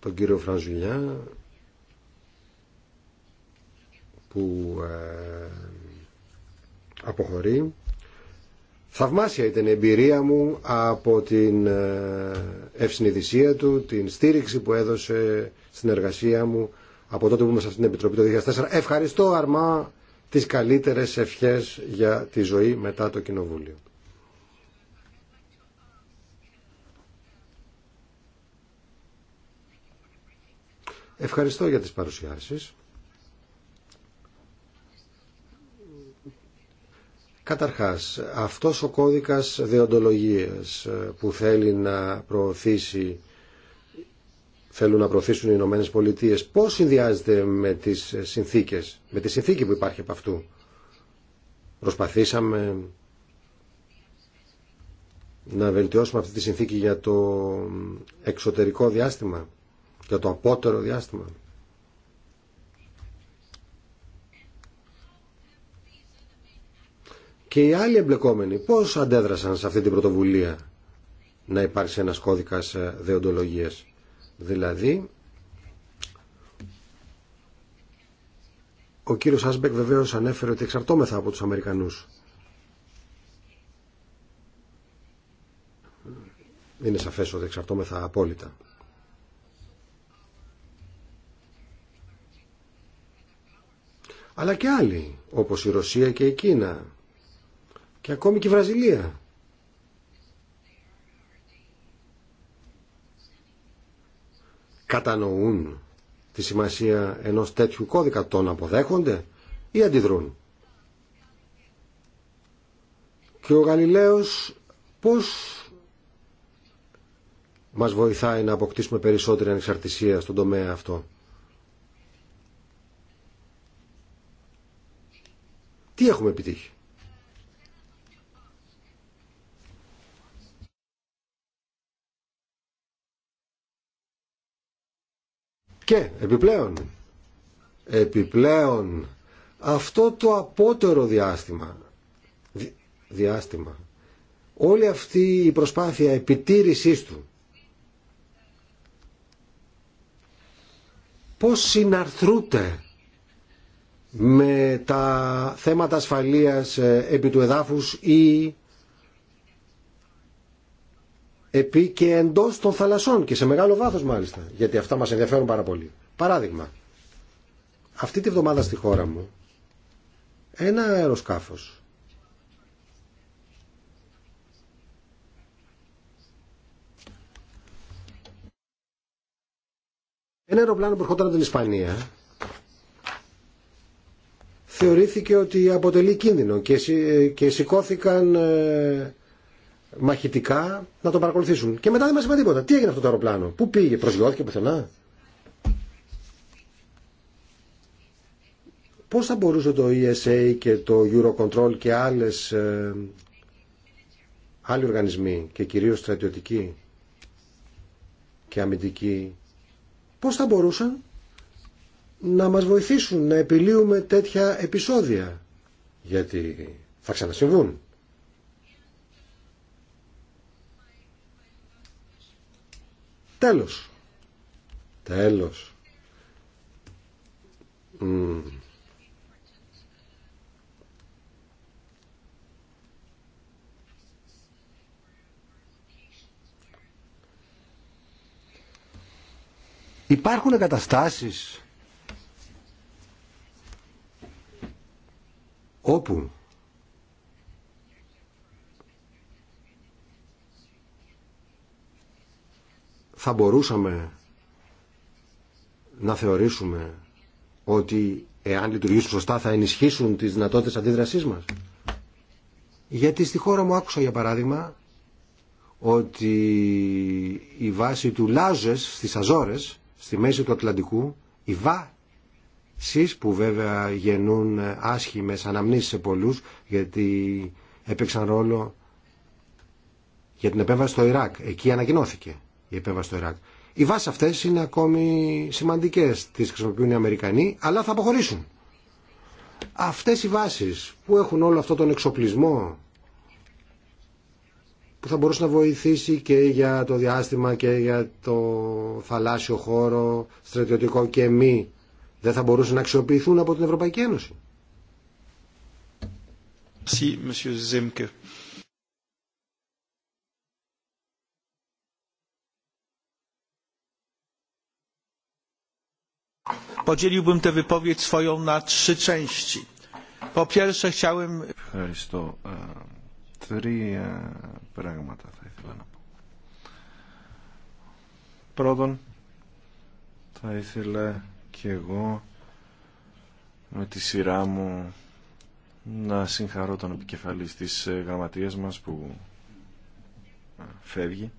τον κύριο Φρανζουλιά που ε, αποχωρεί. Θαυμάσια ήταν η εμπειρία μου από την ε, ευσυνειδησία του, την στήριξη που έδωσε στην εργασία μου από τότε που ήμουν την Επιτροπή το 2004. Ευχαριστώ αρμά τις καλύτερες ευχές για τη ζωή μετά το Κοινοβούλιο. Ευχαριστώ για τις παρουσιάσεις. Καταρχάς, αυτός ο κώδικας δεοντολογίας ε, που θέλει να προωθήσει θέλουν να προωθήσουν οι Ηνωμένε Πολιτείε. Πώ συνδυάζεται με τι συνθήκε, με τη συνθήκη που υπάρχει από αυτού. Προσπαθήσαμε να βελτιώσουμε αυτή τη συνθήκη για το εξωτερικό διάστημα για το απότερο διάστημα. Και οι άλλοι εμπλεκόμενοι πώς αντέδρασαν σε αυτή την πρωτοβουλία να υπάρξει ένας κώδικας ε, δεοντολογίας. Δηλαδή, ο κύριος Άσμπεκ βεβαίως ανέφερε ότι εξαρτώμεθα από τους Αμερικανούς. Είναι σαφές ότι εξαρτώμεθα απόλυτα. αλλά και άλλοι, όπως η Ρωσία και η Κίνα και ακόμη και η Βραζιλία. Κατανοούν τη σημασία ενός τέτοιου κώδικα, τον αποδέχονται ή αντιδρούν. Και ο Γαλιλαίος πώς μας βοηθάει να αποκτήσουμε περισσότερη ανεξαρτησία στον τομέα αυτό. Τι έχουμε επιτύχει. Και επιπλέον, επιπλέον αυτό το απότερο διάστημα, διάστημα, όλη αυτή η προσπάθεια επιτήρησής του, πώς συναρθρούνται με τα θέματα ασφαλείας ε, επί του εδάφους ή επί και εντός των θαλασσών και σε μεγάλο βάθος μάλιστα, γιατί αυτά μας ενδιαφέρουν πάρα πολύ. Παράδειγμα, αυτή τη βδομάδα στη χώρα μου ένα αεροσκάφος ένα αεροπλάνο που ερχόταν από την Ισπανία θεωρήθηκε ότι αποτελεί κίνδυνο και, και σηκώθηκαν ε, μαχητικά να τον παρακολουθήσουν. Και μετά δεν μας είπαν τίποτα. Τι έγινε αυτό το αεροπλάνο, πού πήγε, προσγειώθηκε πουθενά. Πώς θα μπορούσε το ESA και το Eurocontrol και άλλες, ε, άλλοι οργανισμοί και κυρίως στρατιωτικοί και αμυντικοί, πώς θα μπορούσαν να μας βοηθήσουν να επιλύουμε τέτοια επεισόδια γιατί θα ξανασυμβούν. Τέλος. Τέλος. Υπάρχουν καταστάσεις όπου θα μπορούσαμε να θεωρήσουμε ότι εάν λειτουργήσουν σωστά θα ενισχύσουν τις δυνατότητες αντίδρασής μας. Γιατί στη χώρα μου άκουσα για παράδειγμα ότι η βάση του Λάζες στις Αζόρες, στη μέση του Ατλαντικού, η, Βα, σεις που βέβαια γεννούν άσχημες αναμνήσεις σε πολλούς γιατί έπαιξαν ρόλο για την επέμβαση στο Ιράκ. Εκεί ανακοινώθηκε η επέμβαση στο Ιράκ. Οι βάσει αυτέ είναι ακόμη σημαντικέ. Τι χρησιμοποιούν οι Αμερικανοί, αλλά θα αποχωρήσουν. Αυτέ οι βάσει που έχουν όλο αυτόν τον εξοπλισμό που θα μπορούσε να βοηθήσει και για το διάστημα και για το θαλάσσιο χώρο, στρατιωτικό και μη δεν θα μπορούσαν να αξιοποιηθούν από την Ευρωπαϊκή Ένωση. Ευχαριστώ. Τρία πράγματα θα ήθελα να πω. Πρώτον, θα ήθελα και εγώ με τη σειρά μου να συγχαρώ τον επικεφαλής της ε, γραμματείας μας που ε, φεύγει.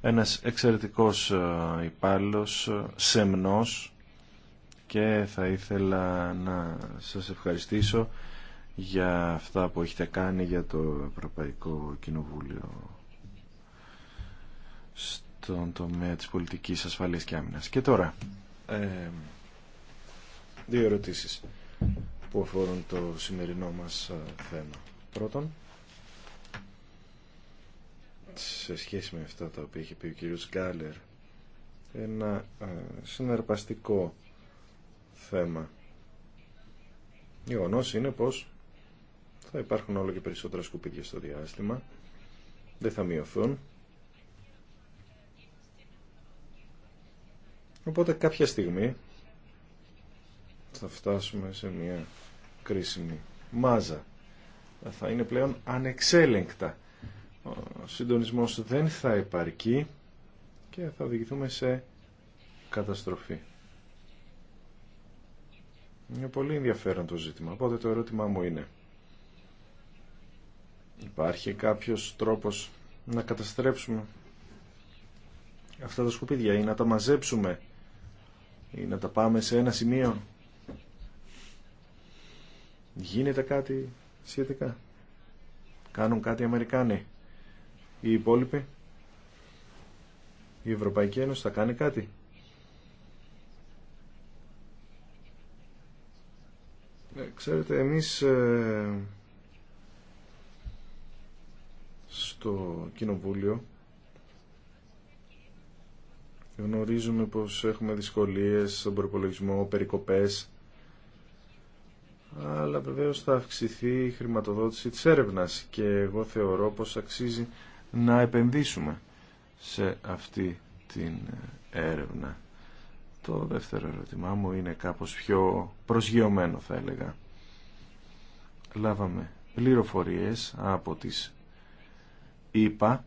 Ένας εξαιρετικός ε, υπάλληλος, σεμνός και θα ήθελα να σας ευχαριστήσω για αυτά που έχετε κάνει για το Ευρωπαϊκό Κοινοβούλιο στον τομέα της πολιτικής ασφαλείας και άμυνας. Και τώρα ε, δύο ερωτήσεις που αφορούν το σημερινό μας ε, θέμα. Πρώτον, σε σχέση με αυτά τα οποία έχει πει ο κύριος Γκάλερ, ένα ε, συναρπαστικό θέμα. Η είναι πως θα υπάρχουν όλο και περισσότερα σκουπίδια στο διάστημα, δεν θα μειωθούν Οπότε κάποια στιγμή θα φτάσουμε σε μια κρίσιμη μάζα. Θα είναι πλέον ανεξέλεγκτα. Ο συντονισμός δεν θα επαρκεί και θα οδηγηθούμε σε καταστροφή. Είναι πολύ ενδιαφέρον το ζήτημα. Οπότε το ερώτημά μου είναι υπάρχει κάποιος τρόπος να καταστρέψουμε αυτά τα σκουπίδια ή να τα μαζέψουμε ή να τα πάμε σε ένα σημείο. Γίνεται κάτι σχετικά. Κάνουν κάτι οι Αμερικάνοι. Οι υπόλοιποι. Η Ευρωπαϊκή Ένωση θα κάνει κάτι. Ε, ξέρετε, εμείς ε, στο Κοινοβούλιο Γνωρίζουμε πως έχουμε δυσκολίες στον προπολογισμό, περικοπές, αλλά βεβαίως θα αυξηθεί η χρηματοδότηση της έρευνας και εγώ θεωρώ πως αξίζει να επενδύσουμε σε αυτή την έρευνα. Το δεύτερο ερώτημά μου είναι κάπως πιο προσγειωμένο θα έλεγα. Λάβαμε πληροφορίες από τις ΕΠΑ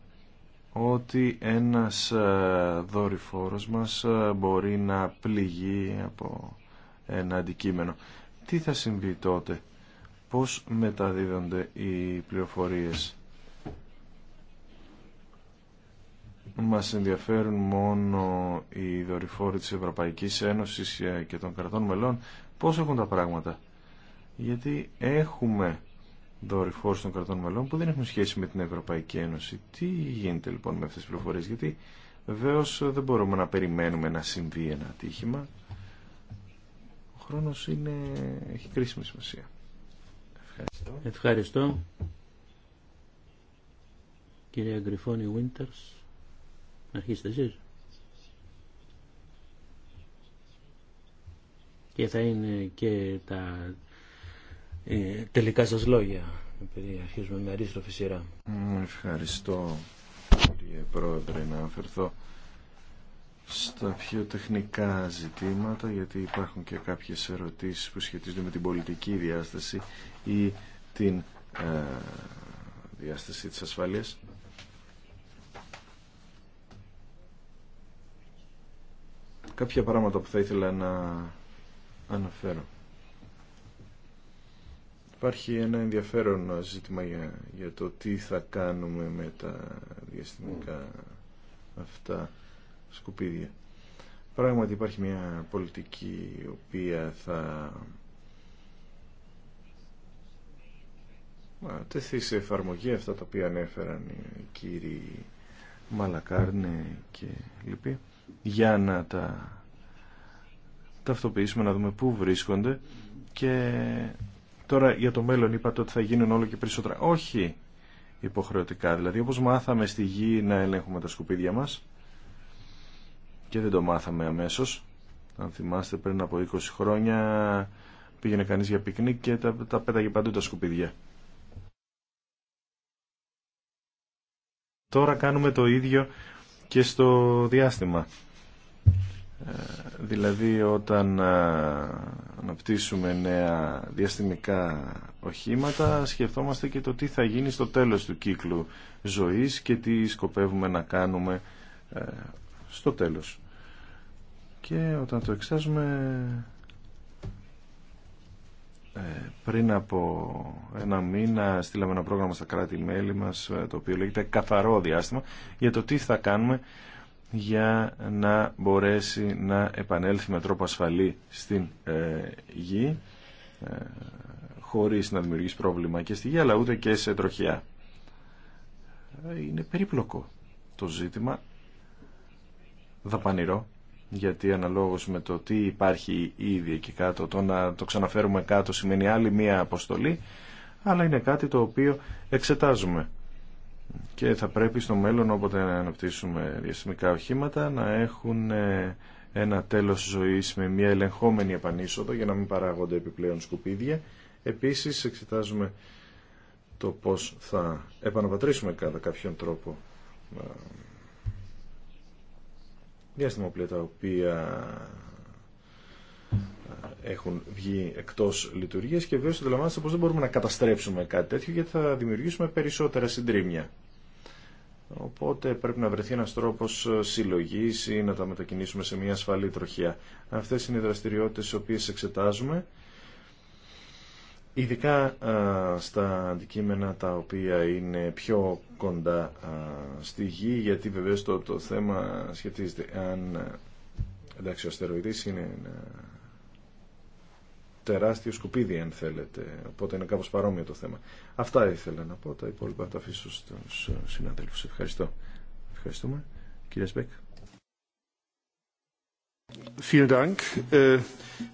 ότι ένας ε, δορυφόρος μας ε, μπορεί να πληγεί από ένα αντικείμενο. Τι θα συμβεί τότε, πώς μεταδίδονται οι πληροφορίες. Μας ενδιαφέρουν μόνο οι δορυφόροι της Ευρωπαϊκής Ένωσης ε, και των κρατών μελών. Πώς έχουν τα πράγματα. Γιατί έχουμε δορυφόρου των κρατών μελών που δεν έχουν σχέση με την Ευρωπαϊκή Ένωση. Τι γίνεται λοιπόν με αυτές τις πληροφορίε γιατί βεβαίω δεν μπορούμε να περιμένουμε να συμβεί ένα ατύχημα. Ο χρόνος είναι... έχει κρίσιμη σημασία. Ευχαριστώ. Ευχαριστώ. Κυρία Γκριφόνη Βίντερς, αρχίστε εσεί. Και θα είναι και τα ε, τελικά σας λόγια, επειδή αρχίζουμε με αρίστροφη σειρά. Ευχαριστώ, κύριε Πρόεδρε, να αφαιρθώ στα πιο τεχνικά ζητήματα, γιατί υπάρχουν και κάποιες ερωτήσεις που σχετίζονται με την πολιτική διάσταση ή την ε, διάσταση της ασφάλειας. Κάποια πράγματα που θα ήθελα να αναφέρω. Υπάρχει ένα ενδιαφέρον ζήτημα για, για το τι θα κάνουμε με τα διαστημικά αυτά σκουπίδια. Πράγματι υπάρχει μια πολιτική η οποία θα τεθεί σε εφαρμογή αυτά τα οποία ανέφεραν οι κύριοι Μαλακάρνε και λοιποί για να τα ταυτοποιήσουμε, να δούμε πού βρίσκονται και Τώρα για το μέλλον είπατε ότι θα γίνουν όλο και περισσότερα. Όχι υποχρεωτικά. Δηλαδή όπως μάθαμε στη γη να ελέγχουμε τα σκουπίδια μας και δεν το μάθαμε αμέσως. Αν θυμάστε πριν από 20 χρόνια πήγαινε κανείς για πικνίκ και τα, τα πέταγε παντού τα σκουπίδια. Τώρα κάνουμε το ίδιο και στο διάστημα. Ε, δηλαδή όταν ε, να αναπτύσσουμε νέα διαστημικά οχήματα, σκεφτόμαστε και το τι θα γίνει στο τέλος του κύκλου ζωής και τι σκοπεύουμε να κάνουμε ε, στο τέλος. Και όταν το εξάζουμε ε, πριν από ένα μήνα στείλαμε ένα πρόγραμμα στα κράτη-μέλη μας ε, το οποίο λέγεται καθαρό διάστημα για το τι θα κάνουμε για να μπορέσει να επανέλθει με τρόπο ασφαλή στην ε, γη ε, χωρίς να δημιουργήσει πρόβλημα και στη γη αλλά ούτε και σε τροχιά. Είναι περίπλοκο το ζήτημα, δαπανηρό, γιατί αναλόγως με το τι υπάρχει ήδη εκεί κάτω, το να το ξαναφέρουμε κάτω σημαίνει άλλη μία αποστολή, αλλά είναι κάτι το οποίο εξετάζουμε και θα πρέπει στο μέλλον όποτε αναπτύσσουμε διαστημικά οχήματα να έχουν ε, ένα τέλος ζωής με μια ελεγχόμενη επανίσοδο για να μην παράγονται επιπλέον σκουπίδια. Επίσης εξετάζουμε το πώς θα επαναπατρίσουμε κατά κάποιον τρόπο ε, διαστημοπλία τα οποία έχουν βγει εκτό λειτουργία και βέβαια αντιλαμβάνεστε πώ δεν μπορούμε να καταστρέψουμε κάτι τέτοιο γιατί θα δημιουργήσουμε περισσότερα συντρίμια. Οπότε πρέπει να βρεθεί ένα τρόπο συλλογή ή να τα μετακινήσουμε σε μια ασφαλή τροχιά. Αυτέ είναι οι δραστηριότητε τις οποίε εξετάζουμε, ειδικά στα αντικείμενα τα οποία είναι πιο κοντά στη γη, γιατί βεβαίως το, το θέμα σχετίζεται αν... Εντάξει, ο αστεροειδής είναι ένα τεράστιο σκουπίδι αν θέλετε οπότε είναι κάπως παρόμοιο το θέμα αυτά ήθελα να πω τα υπόλοιπα τα αφήσω στους συναδέλφους ευχαριστώ ευχαριστούμε κύριε Σπέκ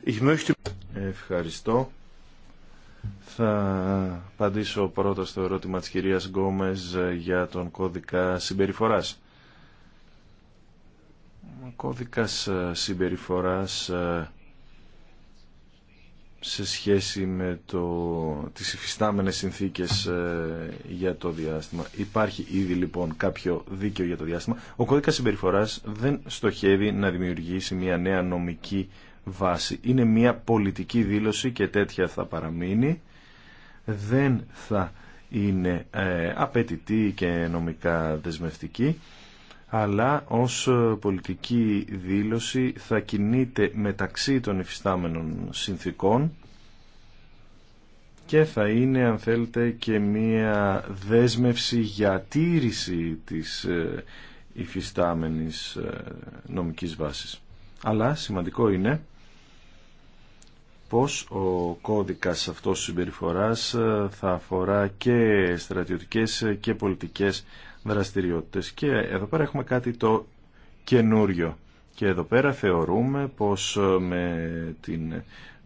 äh, Ευχαριστώ θα απαντήσω πρώτα στο ερώτημα της κυρίας Γκόμες ε, για τον κώδικα συμπεριφοράς ο κώδικας ε, συμπεριφοράς ε, σε σχέση με το, τις υφιστάμενες συνθήκες ε, για το διάστημα. Υπάρχει ήδη λοιπόν κάποιο δίκαιο για το διάστημα. Ο κώδικας συμπεριφοράς δεν στοχεύει να δημιουργήσει μια νέα νομική βάση. Είναι μια πολιτική δήλωση και τέτοια θα παραμείνει. Δεν θα είναι ε, απαιτητή και νομικά δεσμευτική αλλά ως ε, πολιτική δήλωση θα κινείται μεταξύ των υφιστάμενων συνθήκων και θα είναι αν θέλετε και μία δέσμευση για τήρηση της ε, υφιστάμενης ε, νομικής βάσης. Αλλά σημαντικό είναι πως ο κώδικας αυτός συμπεριφοράς ε, θα αφορά και στρατιωτικές και πολιτικές δραστηριότητες. Και εδώ πέρα έχουμε κάτι το καινούριο. Και εδώ πέρα θεωρούμε πως ε, με την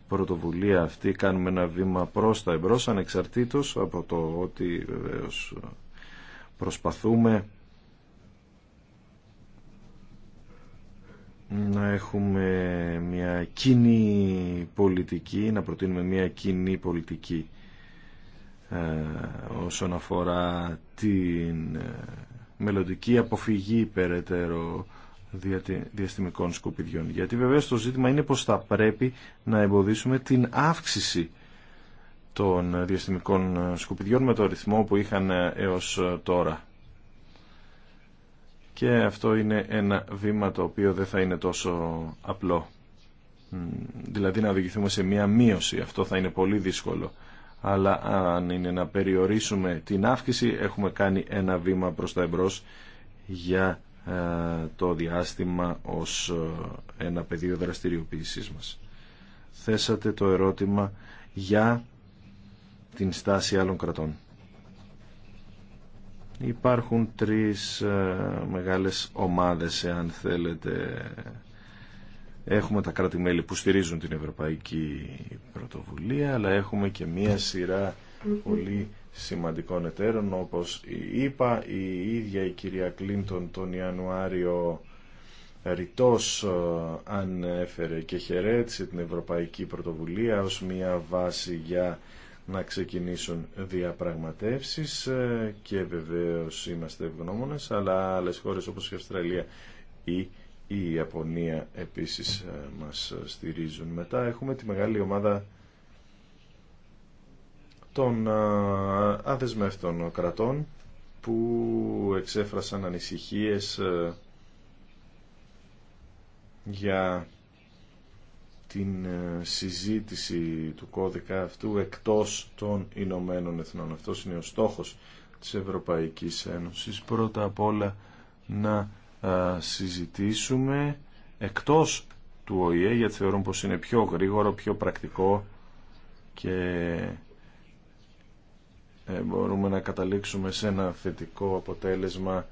πρωτοβουλία αυτή κάνουμε ένα βήμα προς τα εμπρός ανεξαρτήτως από το ότι βεβαίως ε, προσπαθούμε να έχουμε μια κοινή πολιτική, να προτείνουμε μια κοινή πολιτική ε, όσον αφορά την ε, μελλοντική αποφυγή περαιτέρω διαστημικών σκουπιδιών. Γιατί βεβαίως το ζήτημα είναι πως θα πρέπει να εμποδίσουμε την αύξηση των διαστημικών ε, σκουπιδιών με το ρυθμό που είχαν έως τώρα και αυτό είναι ένα βήμα το οποίο δεν θα είναι τόσο απλό. Δηλαδή να οδηγηθούμε σε μία μείωση, αυτό θα είναι πολύ δύσκολο. Αλλά αν είναι να περιορίσουμε την αύξηση έχουμε κάνει ένα βήμα προς τα εμπρός για ε, το διάστημα ως ε, ένα πεδίο δραστηριοποίησής μας. Θέσατε το ερώτημα για την στάση άλλων κρατών. Υπάρχουν τρεις ε, μεγάλες ομάδες, εάν θέλετε. Έχουμε τα κράτη-μέλη που στηρίζουν την Ευρωπαϊκή Πρωτοβουλία, αλλά έχουμε και μία σειρά πολύ σημαντικών εταίρων, όπως είπα, η ίδια η κυρία Κλίντον τον Ιανουάριο ρητός ε, ανέφερε και χαιρέτησε την Ευρωπαϊκή Πρωτοβουλία ως μία βάση για να ξεκινήσουν διαπραγματεύσεις ε, και βεβαίως είμαστε ευγνώμονες αλλά άλλες χώρες όπως η Αυστραλία ή η Ιαπωνία επίσης ε, μας στηρίζουν. Μετά έχουμε τη μεγάλη ομάδα των ε, αδεσμεύτων κρατών που εξέφρασαν ανησυχίες για την ε, συζήτηση του κώδικα αυτού εκτός των Ηνωμένων Εθνών. Αυτός είναι ο στόχος της Ευρωπαϊκής Ένωσης. Πρώτα απ' όλα να ε, συζητήσουμε εκτός του ΟΗΕ γιατί θεωρούν πως είναι πιο γρήγορο, πιο πρακτικό και ε, μπορούμε να καταλήξουμε σε ένα θετικό αποτέλεσμα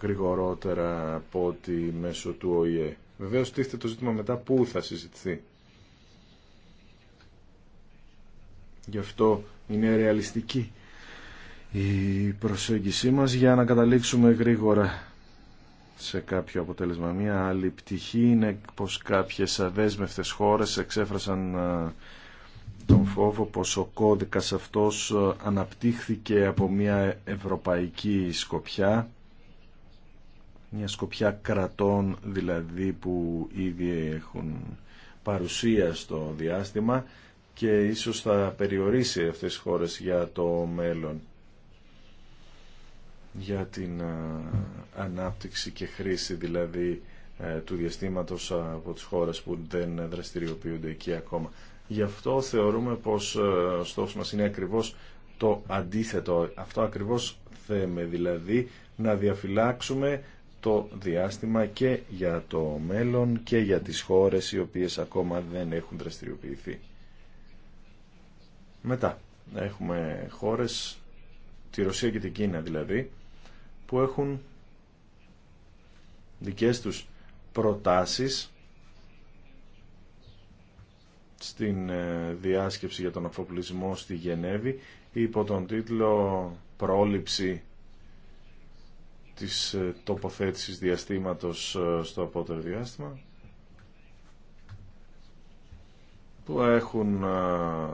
γρηγορότερα από ότι μέσω του ΟΗΕ. Βεβαίως τίθεται το ζήτημα μετά πού θα συζητηθεί. Γι' αυτό είναι ρεαλιστική η προσέγγιση μας για να καταλήξουμε γρήγορα σε κάποιο αποτέλεσμα. Μία άλλη πτυχή είναι πως κάποιες αδέσμευτες χώρες εξέφρασαν ε, τον φόβο πως ο κώδικας αυτός ε, αναπτύχθηκε από μια ευρωπαϊκή σκοπιά μια σκοπιά κρατών δηλαδή που ήδη έχουν παρουσία στο διάστημα και ίσως θα περιορίσει αυτές τις χώρες για το μέλλον για την ανάπτυξη και χρήση δηλαδή ε, του διαστήματος από τις χώρες που δεν δραστηριοποιούνται εκεί ακόμα. Γι' αυτό θεωρούμε πως ε, ο στόχος μας είναι ακριβώς το αντίθετο. Αυτό ακριβώς θέμε, δηλαδή να διαφυλάξουμε το διάστημα και για το μέλλον και για τις χώρες οι οποίες ακόμα δεν έχουν δραστηριοποιηθεί. Μετά έχουμε χώρες, τη Ρωσία και την Κίνα δηλαδή, που έχουν δικές τους προτάσεις στην ε, διάσκεψη για τον αφοπλισμό στη Γενέβη υπό τον τίτλο «Πρόληψη της ε, τοποθέτησης διαστήματος ε, στο απότερο διάστημα που έχουν ε,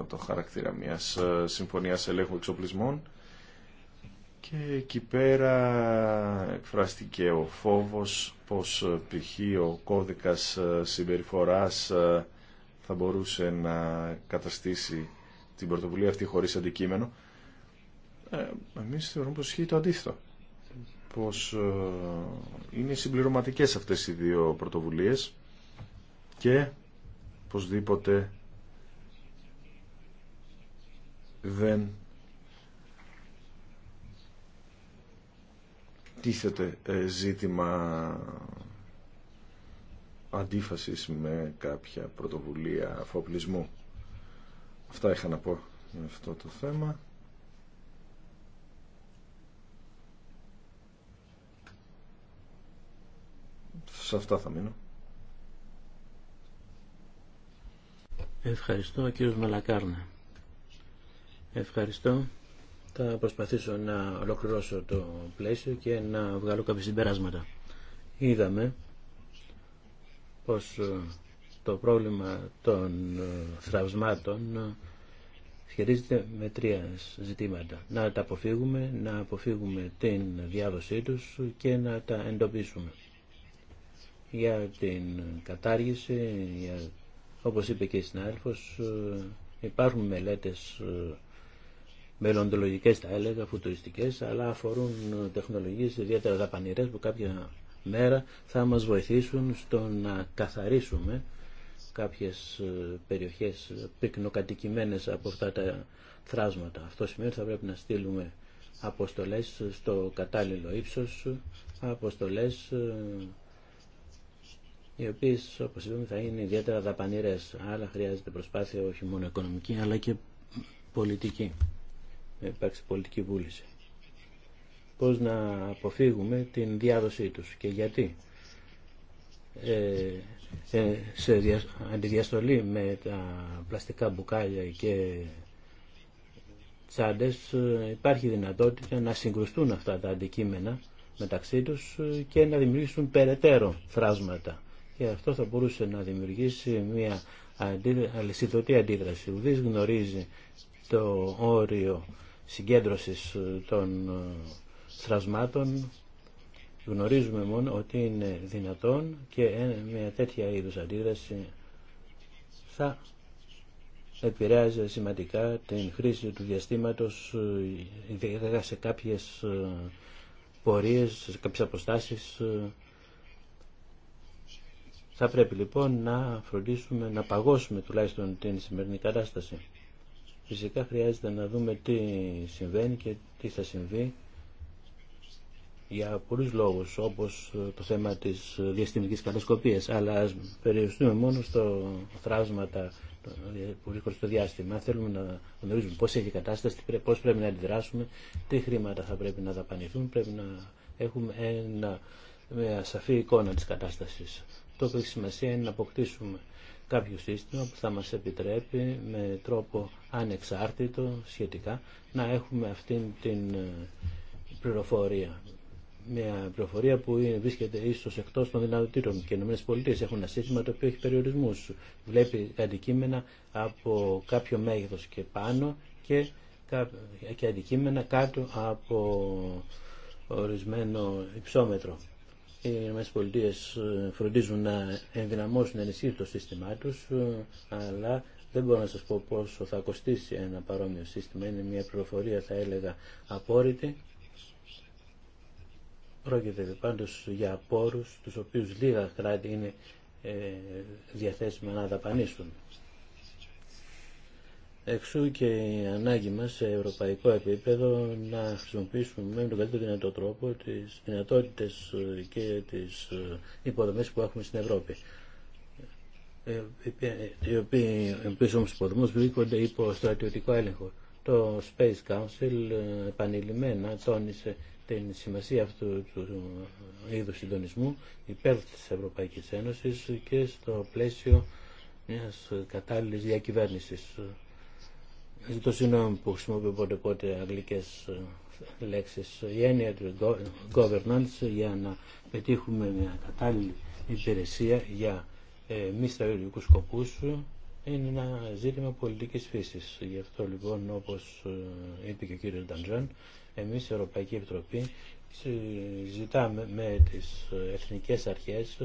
το χαρακτήρα μιας συμφωνίας ελέγχου εξοπλισμών και εκεί πέρα εκφράστηκε ο φόβος πως π.χ. ο κώδικας συμπεριφοράς θα μπορούσε να καταστήσει την πρωτοβουλία αυτή χωρίς αντικείμενο. Ε, εμείς θεωρούμε πως ισχύει το αντίθετο πως ε, είναι συμπληρωματικές αυτές οι δύο πρωτοβουλίες και οπωσδήποτε δεν τίθεται ε, ζήτημα αντίφασης με κάποια πρωτοβουλία αφοπλισμού. Αυτά είχα να πω με αυτό το θέμα. Σε αυτά θα μείνω. Ευχαριστώ κύριος Μαλακάρνα. Ευχαριστώ. Θα προσπαθήσω να ολοκληρώσω το πλαίσιο και να βγάλω κάποια συμπεράσματα. Είδαμε πως ε, το πρόβλημα των ε, θραυσμάτων ε, σχετίζεται με τρία ζητήματα. Να τα αποφύγουμε, να αποφύγουμε την διάδοσή τους και να τα εντοπίσουμε για την κατάργηση, για, όπως είπε και η συνάδελφος, ε, υπάρχουν μελέτες ε, μελλοντολογικές τα έλεγα, φουτουριστικές, αλλά αφορούν ε, τεχνολογίες ιδιαίτερα δαπανηρές που κάποια μέρα θα μας βοηθήσουν στο να καθαρίσουμε κάποιες περιοχές πυκνοκατοικημένες από αυτά τα θράσματα. Αυτό σημαίνει ότι θα πρέπει να στείλουμε αποστολές στο κατάλληλο ύψος, αποστολές οι οποίε, όπω είπαμε, θα είναι ιδιαίτερα δαπανηρέ. αλλά χρειάζεται προσπάθεια όχι μόνο οικονομική, αλλά και πολιτική. Να υπάρξει πολιτική βούληση. Πώ να αποφύγουμε την διάδοσή του και γιατί. Ε, ε σε αντιδιαστολή με τα πλαστικά μπουκάλια και τσάντες ε, υπάρχει δυνατότητα να συγκρουστούν αυτά τα αντικείμενα μεταξύ τους και να δημιουργήσουν περαιτέρω φράσματα και αυτό θα μπορούσε να δημιουργήσει μια αλυσιδωτή αντίδραση. Ουδής γνωρίζει το όριο συγκέντρωσης των στρασμάτων. Ε, Γνωρίζουμε μόνο ότι είναι δυνατόν και μια τέτοια είδους αντίδραση θα επηρεάζει σημαντικά την χρήση του διαστήματος ε, ιδιαίτερα σε κάποιες ε, πορείες, σε κάποιες αποστάσεις θα πρέπει λοιπόν να φροντίσουμε να παγώσουμε τουλάχιστον την σημερινή κατάσταση. Φυσικά χρειάζεται να δούμε τι συμβαίνει και τι θα συμβεί για πολλούς λόγους όπως το θέμα της διαστημικής κατασκοπίας αλλά ας περιοριστούμε μόνο στο θράσματα που βρίσκονται στο διάστημα θέλουμε να γνωρίζουμε πώς έχει η κατάσταση πώς πρέπει να αντιδράσουμε τι χρήματα θα πρέπει να δαπανηθούν πρέπει να έχουμε ένα, μια σαφή εικόνα της κατάστασης το που έχει σημασία είναι να αποκτήσουμε κάποιο σύστημα που θα μας επιτρέπει με τρόπο ανεξάρτητο σχετικά να έχουμε αυτή την ε, πληροφορία. Μια πληροφορία που βρίσκεται ίσω εκτό των δυνατοτήτων και οι ΗΠΑ έχουν ένα σύστημα το οποίο έχει περιορισμού. Βλέπει αντικείμενα από κάποιο μέγεθο και πάνω και, και αντικείμενα κάτω από ορισμένο υψόμετρο οι ΗΠΑ ε, φροντίζουν να ενδυναμώσουν, να το σύστημά τους, ε, αλλά δεν μπορώ να σας πω πόσο θα κοστίσει ένα παρόμοιο σύστημα. Είναι μια πληροφορία, θα έλεγα, απόρριτη. Πρόκειται πάντως για απόρους τους οποίους λίγα κράτη είναι ε, διαθέσιμα να δαπανίσουν. Εξού και η ανάγκη μας σε ευρωπαϊκό επίπεδο να χρησιμοποιήσουμε με τον καλύτερο δυνατό τρόπο τις δυνατότητες ε, και τις ε, υποδομές που έχουμε στην Ευρώπη. Ε, οι οποίες όμως υποδομές βρίσκονται υπό στρατιωτικό έλεγχο. Το Space Council επανειλημμένα τόνισε την σημασία αυτού του είδους συντονισμού υπέρ της Ευρωπαϊκής Ένωσης και στο πλαίσιο μιας κατάλληλης διακυβέρνησης το συγγνώμη που χρησιμοποιώ πότε πότε αγγλικές ε, λέξεις. Η έννοια του governance για να πετύχουμε μια κατάλληλη υπηρεσία για ε, μη στρατιωτικούς σκοπούς είναι ένα ζήτημα πολιτικής φύσης. Γι' αυτό λοιπόν όπως ε, είπε και ο κύριος Νταντζάν, εμείς η Ευρωπαϊκή Επιτροπή ζητάμε με τις εθνικές αρχές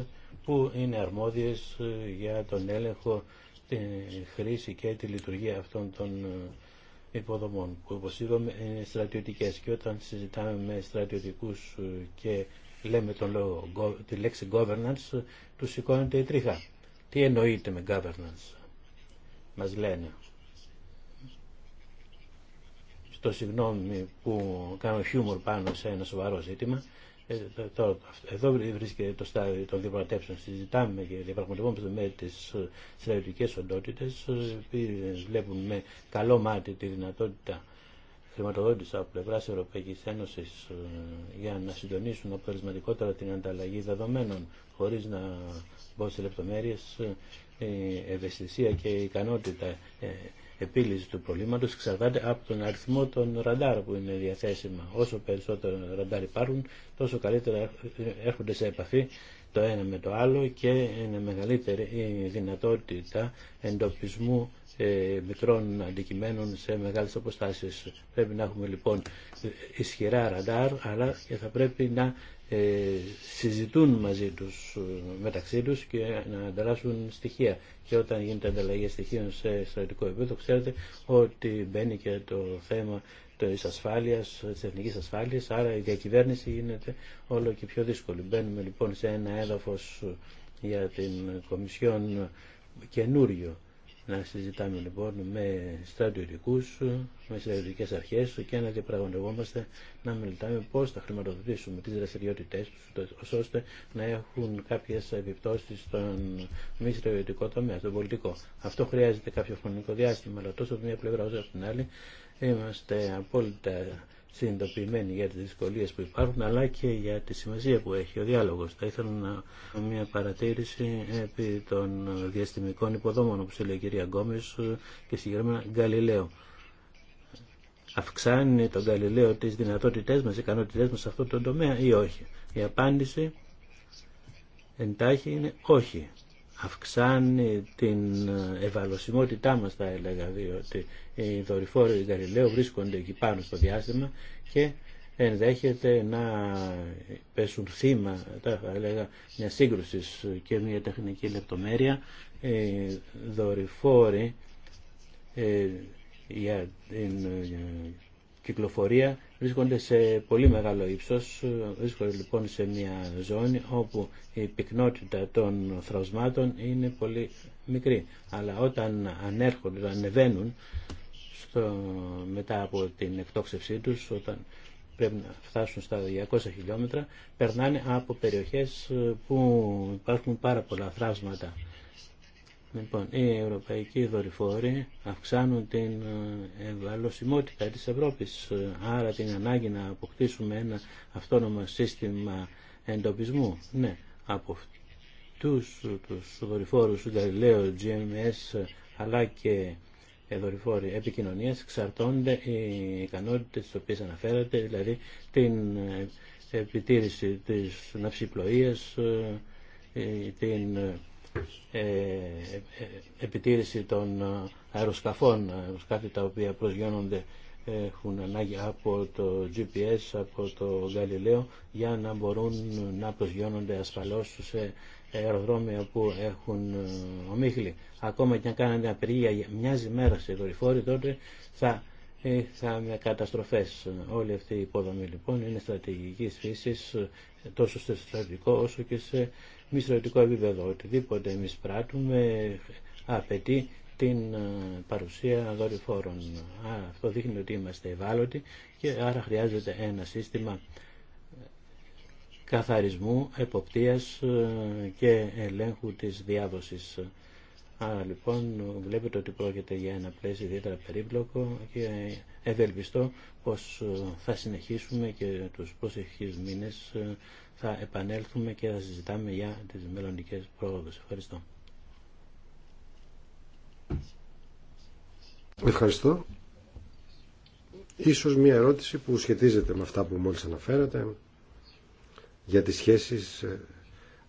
που είναι αρμόδιες ε, για τον έλεγχο τη χρήση και τη λειτουργία αυτών των ε, υποδομών που όπως είπαμε είναι στρατιωτικές και όταν συζητάμε με στρατιωτικούς ε, και λέμε τον λόγο, τη λέξη governance του σηκώνεται η τρίχα. Τι εννοείται με governance μας λένε. Στο συγγνώμη που κάνω χιούμορ πάνω σε ένα σοβαρό ζήτημα ε, εδώ βρίσκεται το στάδιο των διαπραγματεύσεων. Συζητάμε και διαπραγματευόμαστε με τι ε, στρατιωτικέ οντότητε, ε, οι βλέπουν με καλό μάτι τη δυνατότητα χρηματοδότηση από πλευρά Ευρωπαϊκή Ένωση για να συντονίσουν αποτελεσματικότερα την ανταλλαγή δεδομένων, χωρί να μπω σε λεπτομέρειε. Η ευαισθησία και η ικανότητα επίλυση του προβλήματος εξαρτάται από τον αριθμό των ραντάρ που είναι διαθέσιμα. Όσο περισσότερο ραντάρ υπάρχουν, τόσο καλύτερα έρχονται σε επαφή το ένα με το άλλο και είναι μεγαλύτερη η δυνατότητα εντοπισμού ε, μικρών αντικειμένων σε μεγάλες αποστάσεις. Πρέπει να έχουμε λοιπόν ισχυρά ραντάρ, αλλά και θα πρέπει να ε, συζητούν μαζί τους ε, μεταξύ τους και να ανταλλάσσουν στοιχεία. Και όταν γίνεται ανταλλαγή στοιχείων σε στρατικό επίπεδο, ξέρετε ότι μπαίνει και το θέμα τη ασφάλειας, της εθνική ασφάλειας, άρα η διακυβέρνηση γίνεται όλο και πιο δύσκολη. Μπαίνουμε λοιπόν σε ένα έδαφος για την Κομισιόν καινούριο να συζητάμε λοιπόν με στρατιωτικούς, με στρατιωτικές αρχές και να διαπραγματευόμαστε να μελετάμε πώς θα χρηματοδοτήσουμε τις δραστηριότητε του, ώστε να έχουν κάποιες επιπτώσεις στον μη στρατιωτικό τομέα, στον πολιτικό. Αυτό χρειάζεται κάποιο χρονικό διάστημα, αλλά τόσο από μια πλευρά όσο από την άλλη είμαστε απόλυτα συνειδητοποιημένοι για τις δυσκολίες που υπάρχουν αλλά και για τη σημασία που έχει ο διάλογος. Θα ήθελα να μια παρατήρηση επί των διαστημικών υποδόμων όπως λέει η κυρία Γκόμες και συγκεκριμένα Γκαλιλαίο. Αυξάνει τον Γκαλιλαίο τις δυνατότητές μας, ικανότητές μας σε αυτό το τομέα ή όχι. Η απάντηση εντάχει είναι όχι αυξάνει την ε, ευαλωσιμότητά μας θα έλεγα διότι οι δορυφόροι Γαλιλαίου βρίσκονται εκεί πάνω στο διάστημα και ενδέχεται να πέσουν θύμα θα έλεγα μια σύγκρουση και μια τεχνική λεπτομέρεια οι ε, δορυφόροι ε, για την κυκλοφορία βρίσκονται σε πολύ μεγάλο ύψος, βρίσκονται λοιπόν σε μια ζώνη όπου η πυκνότητα των θραυσμάτων είναι πολύ μικρή. Αλλά όταν ανέρχονται, ανεβαίνουν στο, μετά από την εκτόξευσή τους, όταν πρέπει να φτάσουν στα 200 χιλιόμετρα, περνάνε από περιοχές που υπάρχουν πάρα πολλά θράσματα. Λοιπόν, οι ευρωπαϊκοί δορυφόροι αυξάνουν την ε, ευαλωσιμότητα της Ευρώπης, ε, άρα την ανάγκη να αποκτήσουμε ένα αυτόνομο σύστημα εντοπισμού. Ναι, από αυτούς τους δορυφόρους, Galileo, δηλαδή GMS, αλλά και ε, δορυφόροι επικοινωνίας, εξαρτώνται οι ικανότητες τις οποίες αναφέρατε, δηλαδή την επιτήρηση της ναυσιπλοείας, την ε, ε, επιτήρηση των αεροσκαφών, αεροσκάφη τα οποία προσγειώνονται έχουν ανάγκη από το GPS, από το Galileo, για να μπορούν να προσγειώνονται ασφαλώς σε αεροδρόμια που έχουν ε, ομίχλη. Ακόμα και αν κάνανε απεργία μια ημέρα σε δορυφόροι τότε θα είχαμε καταστροφές. Όλη αυτή η υποδομή λοιπόν είναι στρατηγικής φύσης τόσο στο στρατηγικό όσο και σε μη στρατιωτικό επίπεδο. Οτιδήποτε εμεί πράττουμε απαιτεί την ε, παρουσία δορυφόρων. αυτό δείχνει ότι είμαστε ευάλωτοι και άρα χρειάζεται ένα σύστημα ε, καθαρισμού, εποπτείας ε, και ελέγχου της διάδοσης Άρα λοιπόν βλέπετε ότι πρόκειται για ένα πλαίσιο ιδιαίτερα περίπλοκο και ευελπιστώ πως ε, θα συνεχίσουμε και τους προσεχείς μήνες ε, θα επανέλθουμε και θα συζητάμε για τις μελλοντικές πρόοδους. Ευχαριστώ. Ευχαριστώ. Ίσως μια ερώτηση που σχετίζεται με αυτά που μόλις αναφέρατε για τις σχέσεις ε,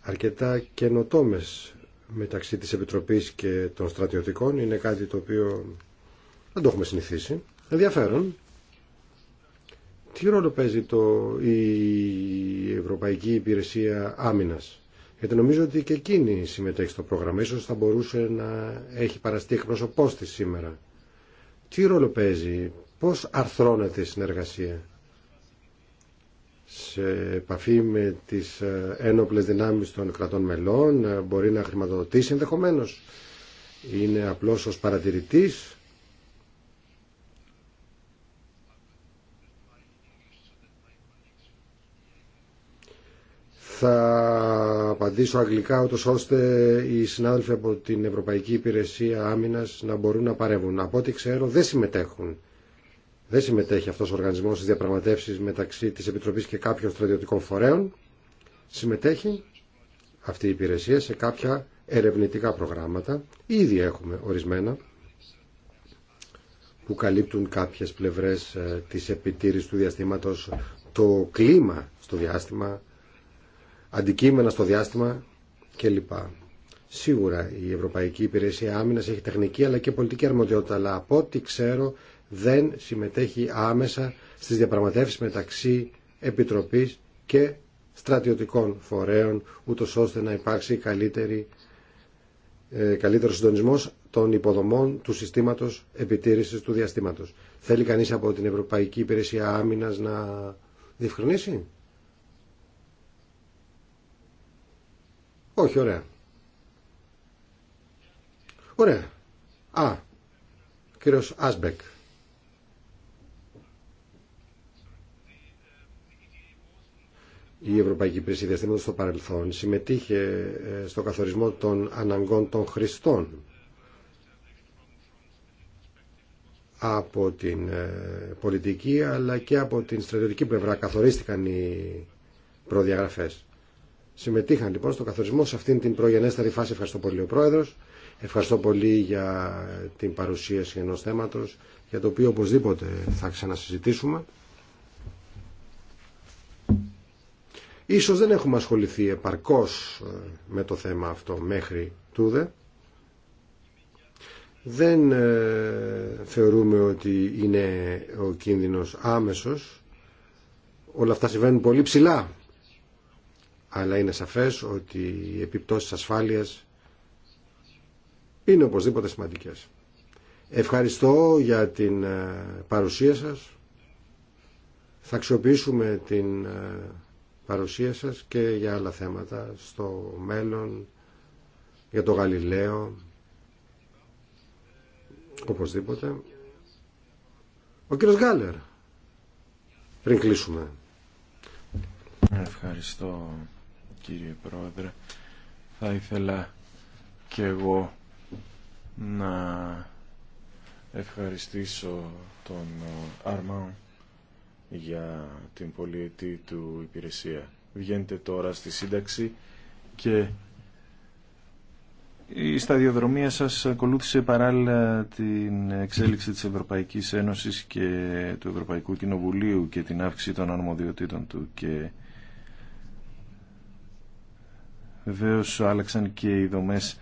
αρκετά καινοτόμες μεταξύ της Επιτροπής και των στρατιωτικών είναι κάτι το οποίο δεν το έχουμε συνηθίσει. Ενδιαφέρον. Τι ρόλο παίζει το, η Ευρωπαϊκή Υπηρεσία Άμυνας. Γιατί νομίζω ότι και εκείνη συμμετέχει στο πρόγραμμα. θα μπορούσε να έχει παραστεί εκπρόσωπός της σήμερα. Τι ρόλο παίζει, πώς αρθρώνεται η συνεργασία σε επαφή με τις ε, ένοπλες δυνάμεις των κρατών μελών, ε, μπορεί να χρηματοδοτήσει ενδεχομένως. Είναι απλώς ως παρατηρητής. Θα απαντήσω αγγλικά ούτως ώστε οι συνάδελφοι από την Ευρωπαϊκή Υπηρεσία Άμυνας να μπορούν να παρεύουν. Από ό,τι ξέρω δεν συμμετέχουν δεν συμμετέχει αυτός ο οργανισμός στις διαπραγματεύσεις μεταξύ της Επιτροπής και κάποιων στρατιωτικών φορέων. Συμμετέχει αυτή η υπηρεσία σε κάποια ερευνητικά προγράμματα. Ήδη έχουμε ορισμένα που καλύπτουν κάποιες πλευρές ε, της επιτήρησης του διαστήματος, το κλίμα στο διάστημα, αντικείμενα στο διάστημα κλπ. Σίγουρα η Ευρωπαϊκή Υπηρεσία Άμυνα έχει τεχνική αλλά και πολιτική αρμοδιότητα, αλλά από ό,τι ξέρω δεν συμμετέχει άμεσα στις διαπραγματεύσεις μεταξύ Επιτροπής και στρατιωτικών φορέων, ούτως ώστε να υπάρξει καλύτερη, ε, καλύτερο συντονισμός των υποδομών του συστήματος επιτήρησης του διαστήματος. Θέλει κανείς από την Ευρωπαϊκή Υπηρεσία Άμυνας να διευκρινίσει? Όχι, ωραία. Ωραία. Α, κύριος Άσμπεκ. η Ευρωπαϊκή Υπηρεσία Διαστήματος στο παρελθόν συμμετείχε ε, στο καθορισμό των αναγκών των χρηστών από την ε, πολιτική αλλά και από την στρατιωτική πλευρά καθορίστηκαν οι προδιαγραφές. Συμμετείχαν λοιπόν στο καθορισμό σε αυτήν την προγενέστερη φάση. Ευχαριστώ πολύ ο Πρόεδρος. Ευχαριστώ πολύ για την παρουσίαση ενός θέματος για το οποίο οπωσδήποτε θα ξανασυζητήσουμε. Ίσως δεν έχουμε ασχοληθεί επαρκώς ε, με το θέμα αυτό μέχρι τούδε. Δεν ε, θεωρούμε ότι είναι ο κίνδυνος άμεσος. Όλα αυτά συμβαίνουν πολύ ψηλά. Αλλά είναι σαφές ότι οι επιπτώσεις ασφάλειας είναι οπωσδήποτε σημαντικές. Ευχαριστώ για την ε, παρουσία σας. Θα αξιοποιήσουμε την παρουσία σας και για άλλα θέματα στο μέλλον, για το Γαλιλαίο, οπωσδήποτε. Ο κύριος Γκάλερ, πριν κλείσουμε. Ευχαριστώ κύριε Πρόεδρε. Θα ήθελα και εγώ να ευχαριστήσω τον Αρμάν για την πολιτική του υπηρεσία. Βγαίνετε τώρα στη σύνταξη και η σταδιοδρομία σας ακολούθησε παράλληλα την εξέλιξη της Ευρωπαϊκής Ένωσης και του Ευρωπαϊκού Κοινοβουλίου και την αύξηση των αρμοδιοτήτων του και βεβαίως άλλαξαν και οι δομές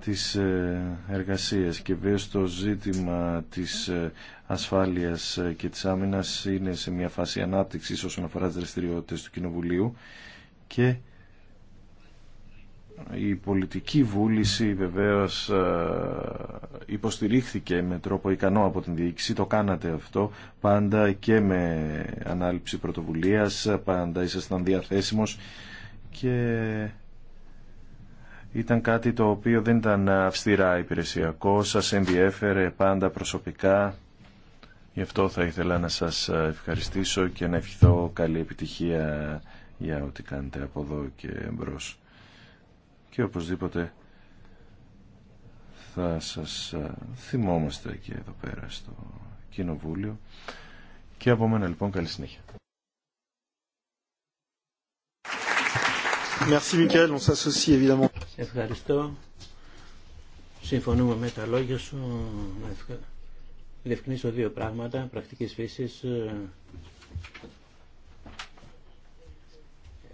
της ε, εργασίας και βέβαια το ζήτημα της ε, Ασφάλειας και της Άμυνας είναι σε μια φάση ανάπτυξης όσον αφορά τις δραστηριότητες του Κοινοβουλίου και η πολιτική βούληση βεβαίως υποστηρίχθηκε με τρόπο ικανό από την διοίκηση. Το κάνατε αυτό πάντα και με ανάληψη πρωτοβουλίας, πάντα ήσασταν διαθέσιμος και ήταν κάτι το οποίο δεν ήταν αυστηρά υπηρεσιακό, σας ενδιέφερε πάντα προσωπικά Γι' αυτό θα ήθελα να σας ε, ευχαριστήσω και να ευχηθώ καλή επιτυχία για ό,τι κάνετε από εδώ και μπρος. Και οπωσδήποτε θα σας ε, θυμόμαστε και εδώ πέρα στο Κοινοβούλιο. Και από μένα λοιπόν καλή συνέχεια. Ευχαριστώ. Συμφωνούμε με τα λόγια σου διευκρινίσω δύο πράγματα πρακτικής φύσης.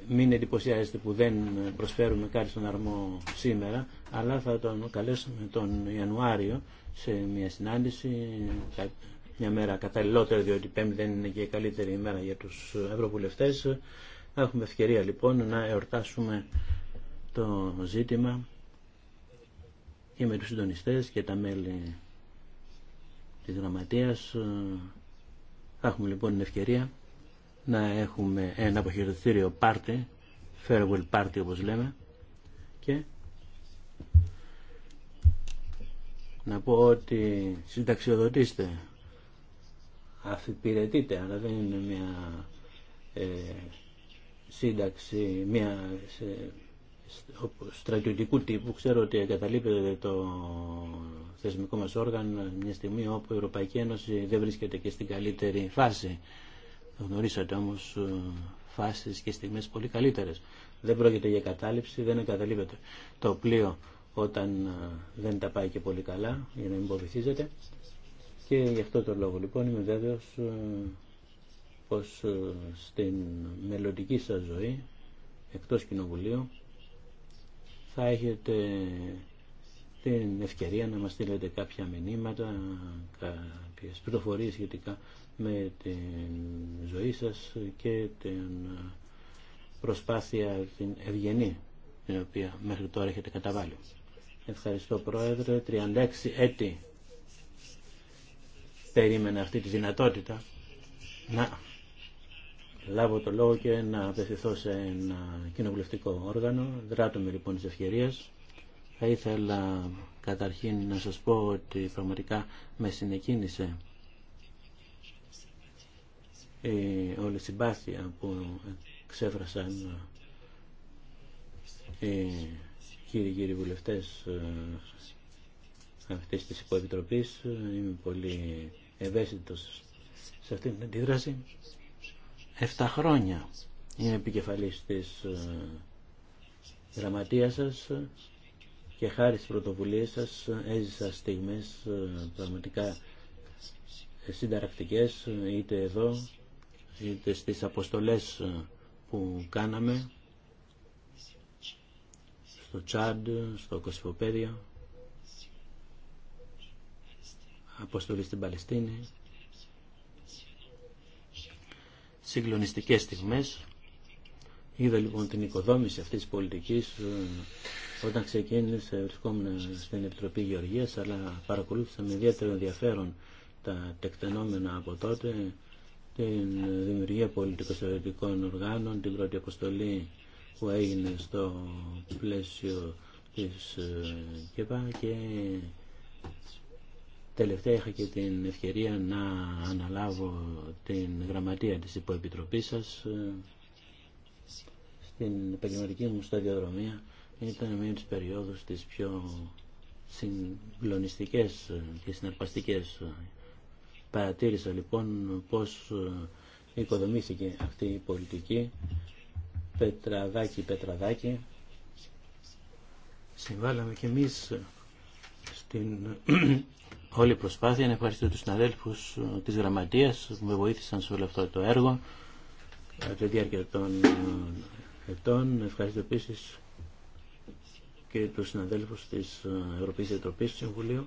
Μην εντυπωσιάζεστε που δεν προσφέρουμε κάτι στον αρμό σήμερα, αλλά θα τον καλέσουμε τον Ιανουάριο σε μια συνάντηση, μια μέρα καταλληλότερη, διότι η Πέμπτη δεν είναι και η καλύτερη ημέρα για τους Ευρωβουλευτές. έχουμε ευκαιρία λοιπόν να εορτάσουμε το ζήτημα και με τους συντονιστές και τα μέλη τη Γραμματείας. Θα ε, έχουμε λοιπόν την ευκαιρία να έχουμε ένα αποχαιρετήριο πάρτι, farewell party όπως λέμε, και να πω ότι συνταξιοδοτήστε, αφιπηρετείτε, αλλά δεν είναι μια ε, σύνταξη, μια στρατιωτικού τύπου. Ξέρω ότι εγκαταλείπεται το θεσμικό μας όργανο μια στιγμή όπου η Ευρωπαϊκή Ένωση δεν βρίσκεται και στην καλύτερη φάση. Γνωρίσατε όμως ε, φάσεις και στιγμές πολύ καλύτερες. Δεν πρόκειται για κατάληψη, δεν εγκαταλείπεται το πλοίο όταν ε, δεν τα πάει και πολύ καλά, για να μην Και γι' αυτό το λόγο λοιπόν είμαι βέβαιος ε, πως στην μελλοντική σας ζωή, εκτός κοινοβουλίου, θα έχετε την ευκαιρία να μας στείλετε κάποια μηνύματα, κάποιες πληροφορίες σχετικά με την ζωή σας και την προσπάθεια την ευγενή την οποία μέχρι τώρα έχετε καταβάλει. Ευχαριστώ Πρόεδρε. 36 έτη περίμενα αυτή τη δυνατότητα να λάβω το λόγο και να απευθυνθώ σε ένα κοινοβουλευτικό όργανο. Δράτομαι λοιπόν τις ευκαιρίες. Θα ήθελα καταρχήν να σας πω ότι πραγματικά με συνεκίνησε ε, η όλη συμπάθεια που ξέφρασαν οι ε, κύριοι κύριοι βουλευτές ε, αυτής της υποεπιτροπής. Είμαι πολύ ευαίσθητος σε αυτή την αντίδραση Εφτά χρόνια είναι επικεφαλής της ε, γραμματείας σας και χάρη στις πρωτοβουλίες σας έζησα στιγμές ε, πραγματικά συνταρακτικές ε, είτε εδώ είτε στις αποστολές που κάναμε στο Τσάντ, στο Κοσμοπέδιο αποστολή στην Παλαιστίνη συγκλονιστικές στιγμές. Είδα λοιπόν την οικοδόμηση αυτής της πολιτικής ε, όταν ξεκίνησε βρισκόμουν στην Επιτροπή Γεωργίας αλλά παρακολούθησα με ιδιαίτερο ενδιαφέρον τα τεκτενόμενα από τότε την δημιουργία πολιτικο-συνδετικών οργάνων, την πρώτη αποστολή που έγινε στο πλαίσιο της ε, ΚΕΠΑ και Τελευταία είχα και την ευκαιρία να αναλάβω την γραμματεία της υποεπιτροπής σας ε, στην επαγγελματική μου σταδιοδρομία. Ήταν μία της περιόδους της πιο συγκλονιστικές ε, και συναρπαστικές. Παρατήρησα λοιπόν πώς ε, οικοδομήθηκε αυτή η πολιτική πετραδάκι-πετραδάκι. Συμβάλαμε κι εμείς στην όλη η προσπάθεια. Να ευχαριστώ του συναδέλφου ε, τη Γραμματεία, που με βοήθησαν σε όλο αυτό το έργο κατά τη διάρκεια των ε, ετών. Ευχαριστώ επίση και του συναδέλφου τη ε, Ευρωπαϊκή Επιτροπής του Συμβουλίου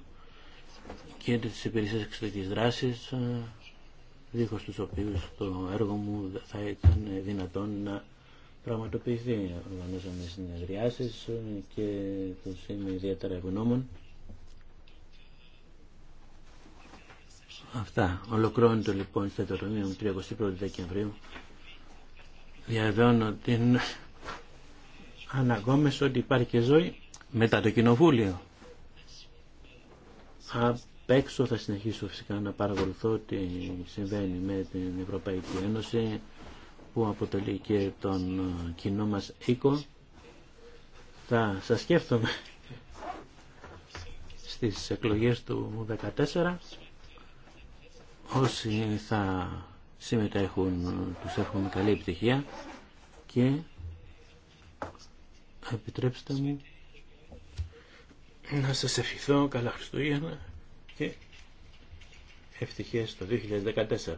και τις υπηρεσίε εξωτερική δράση, δίχως του οποίου το έργο μου θα ήταν δυνατόν να πραγματοποιηθεί. Οργανώσαμε συνεδριάσει και τους είμαι ιδιαίτερα ευγνώμων Αυτά. Ολοκληρώνεται λοιπόν στα τωρινή μου 31 Δεκεμβρίου. Διαβεβαιώνω την αναγκόμεση ότι υπάρχει και ζωή μετά το κοινοβούλιο. Απ' έξω θα συνεχίσω φυσικά να παρακολουθώ τι συμβαίνει με την Ευρωπαϊκή Ένωση που αποτελεί και τον ε, κοινό μας οίκο. Θα σας σκέφτομαι στις εκλογές του 14 όσοι θα συμμετέχουν τους εύχομαι καλή επιτυχία και επιτρέψτε μου να σας ευχηθώ καλά Χριστούγεννα και ευτυχίες το 2014.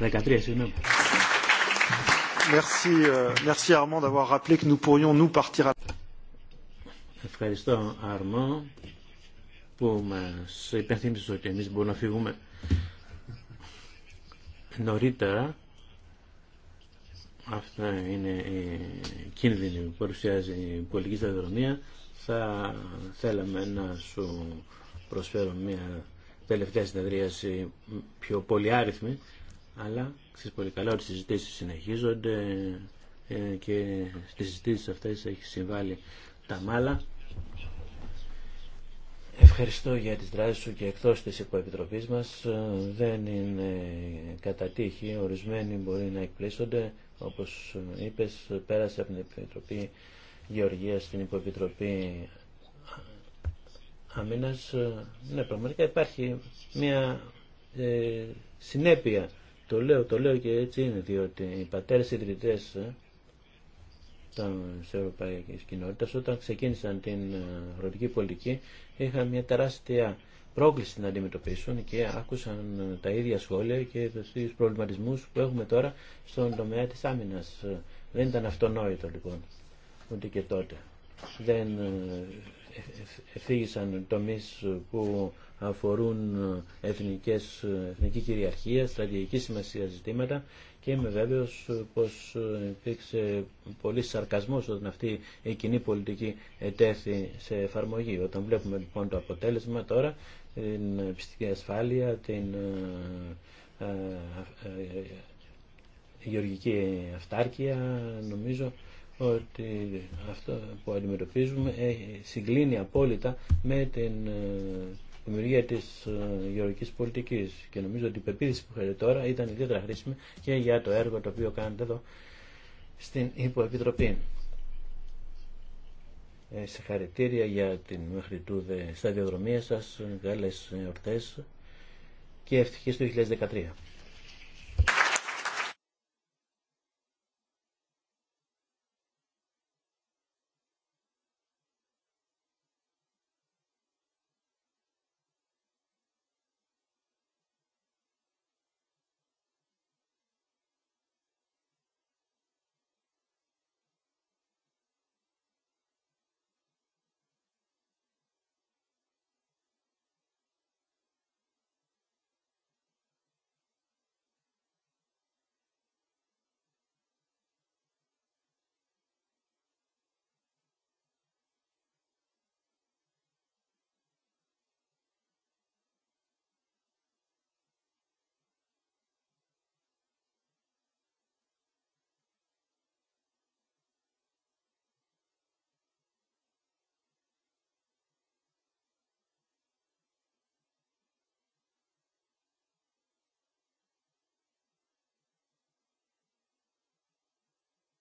13, συγγνώμη. Merci, euh, merci Armand d'avoir rappelé que nous pourrions nous partir. à... Ευχαριστώ Armand που μας υπενθύμισε ότι εμείς μπορούμε να φύγουμε νωρίτερα. Αυτά είναι οι κίνδυνοι που παρουσιάζει η πολιτική σταδιοδρομία. Θα θέλαμε να σου προσφέρω μια τελευταία συνεδρίαση πιο πολυάριθμη, αλλά ξέρεις πολύ καλά ότι οι συζητήσεις συνεχίζονται ε, και στις συζητήσεις αυτές έχει συμβάλει τα μάλα ευχαριστώ για τις δράσεις σου και εκτός της υποεπιτροπής μας. Ε, δεν είναι κατά τύχη, ορισμένοι μπορεί να εκπλήσονται. Όπως είπες, πέρασε από την Επιτροπή Γεωργίας στην Υποεπιτροπή Αμήνας. Ε, ναι, πραγματικά υπάρχει μια ε, συνέπεια. Το λέω, το λέω και έτσι είναι, διότι οι πατέρες ιδρυτές της Ευρωπαϊκής Κοινότητας όταν ξεκίνησαν την ε, αγροτική πολιτική είχαν μια τεράστια πρόκληση να αντιμετωπίσουν και άκουσαν ε, τα ίδια σχόλια και τους προβληματισμούς που έχουμε τώρα στον τομέα της άμυνας. Ε, δεν ήταν αυτονόητο λοιπόν ούτε και τότε. Δεν εφήγησαν τομεί που αφορούν εθνικές, εθνική κυριαρχία, στρατηγική σημασία ζητήματα και είμαι βέβαιο πως υπήρξε πολύ σαρκασμό όταν αυτή η κοινή πολιτική ετέθη σε εφαρμογή. Όταν βλέπουμε λοιπόν το αποτέλεσμα τώρα, την πιστική ασφάλεια, την ε, ε, ε, γεωργική αυτάρκεια, νομίζω ότι αυτό που αντιμετωπίζουμε συγκλίνει απόλυτα με την δημιουργία τη ε, γεωργική πολιτική. Και νομίζω ότι η πεποίθηση που είχατε τώρα ήταν ιδιαίτερα χρήσιμη και για το έργο το οποίο κάνετε εδώ στην Υποεπιτροπή. Ε, χαρακτήρια για την μέχρι τούδε σταδιοδρομία σας, Καλέ εορτέ και ευτυχίες το 2013.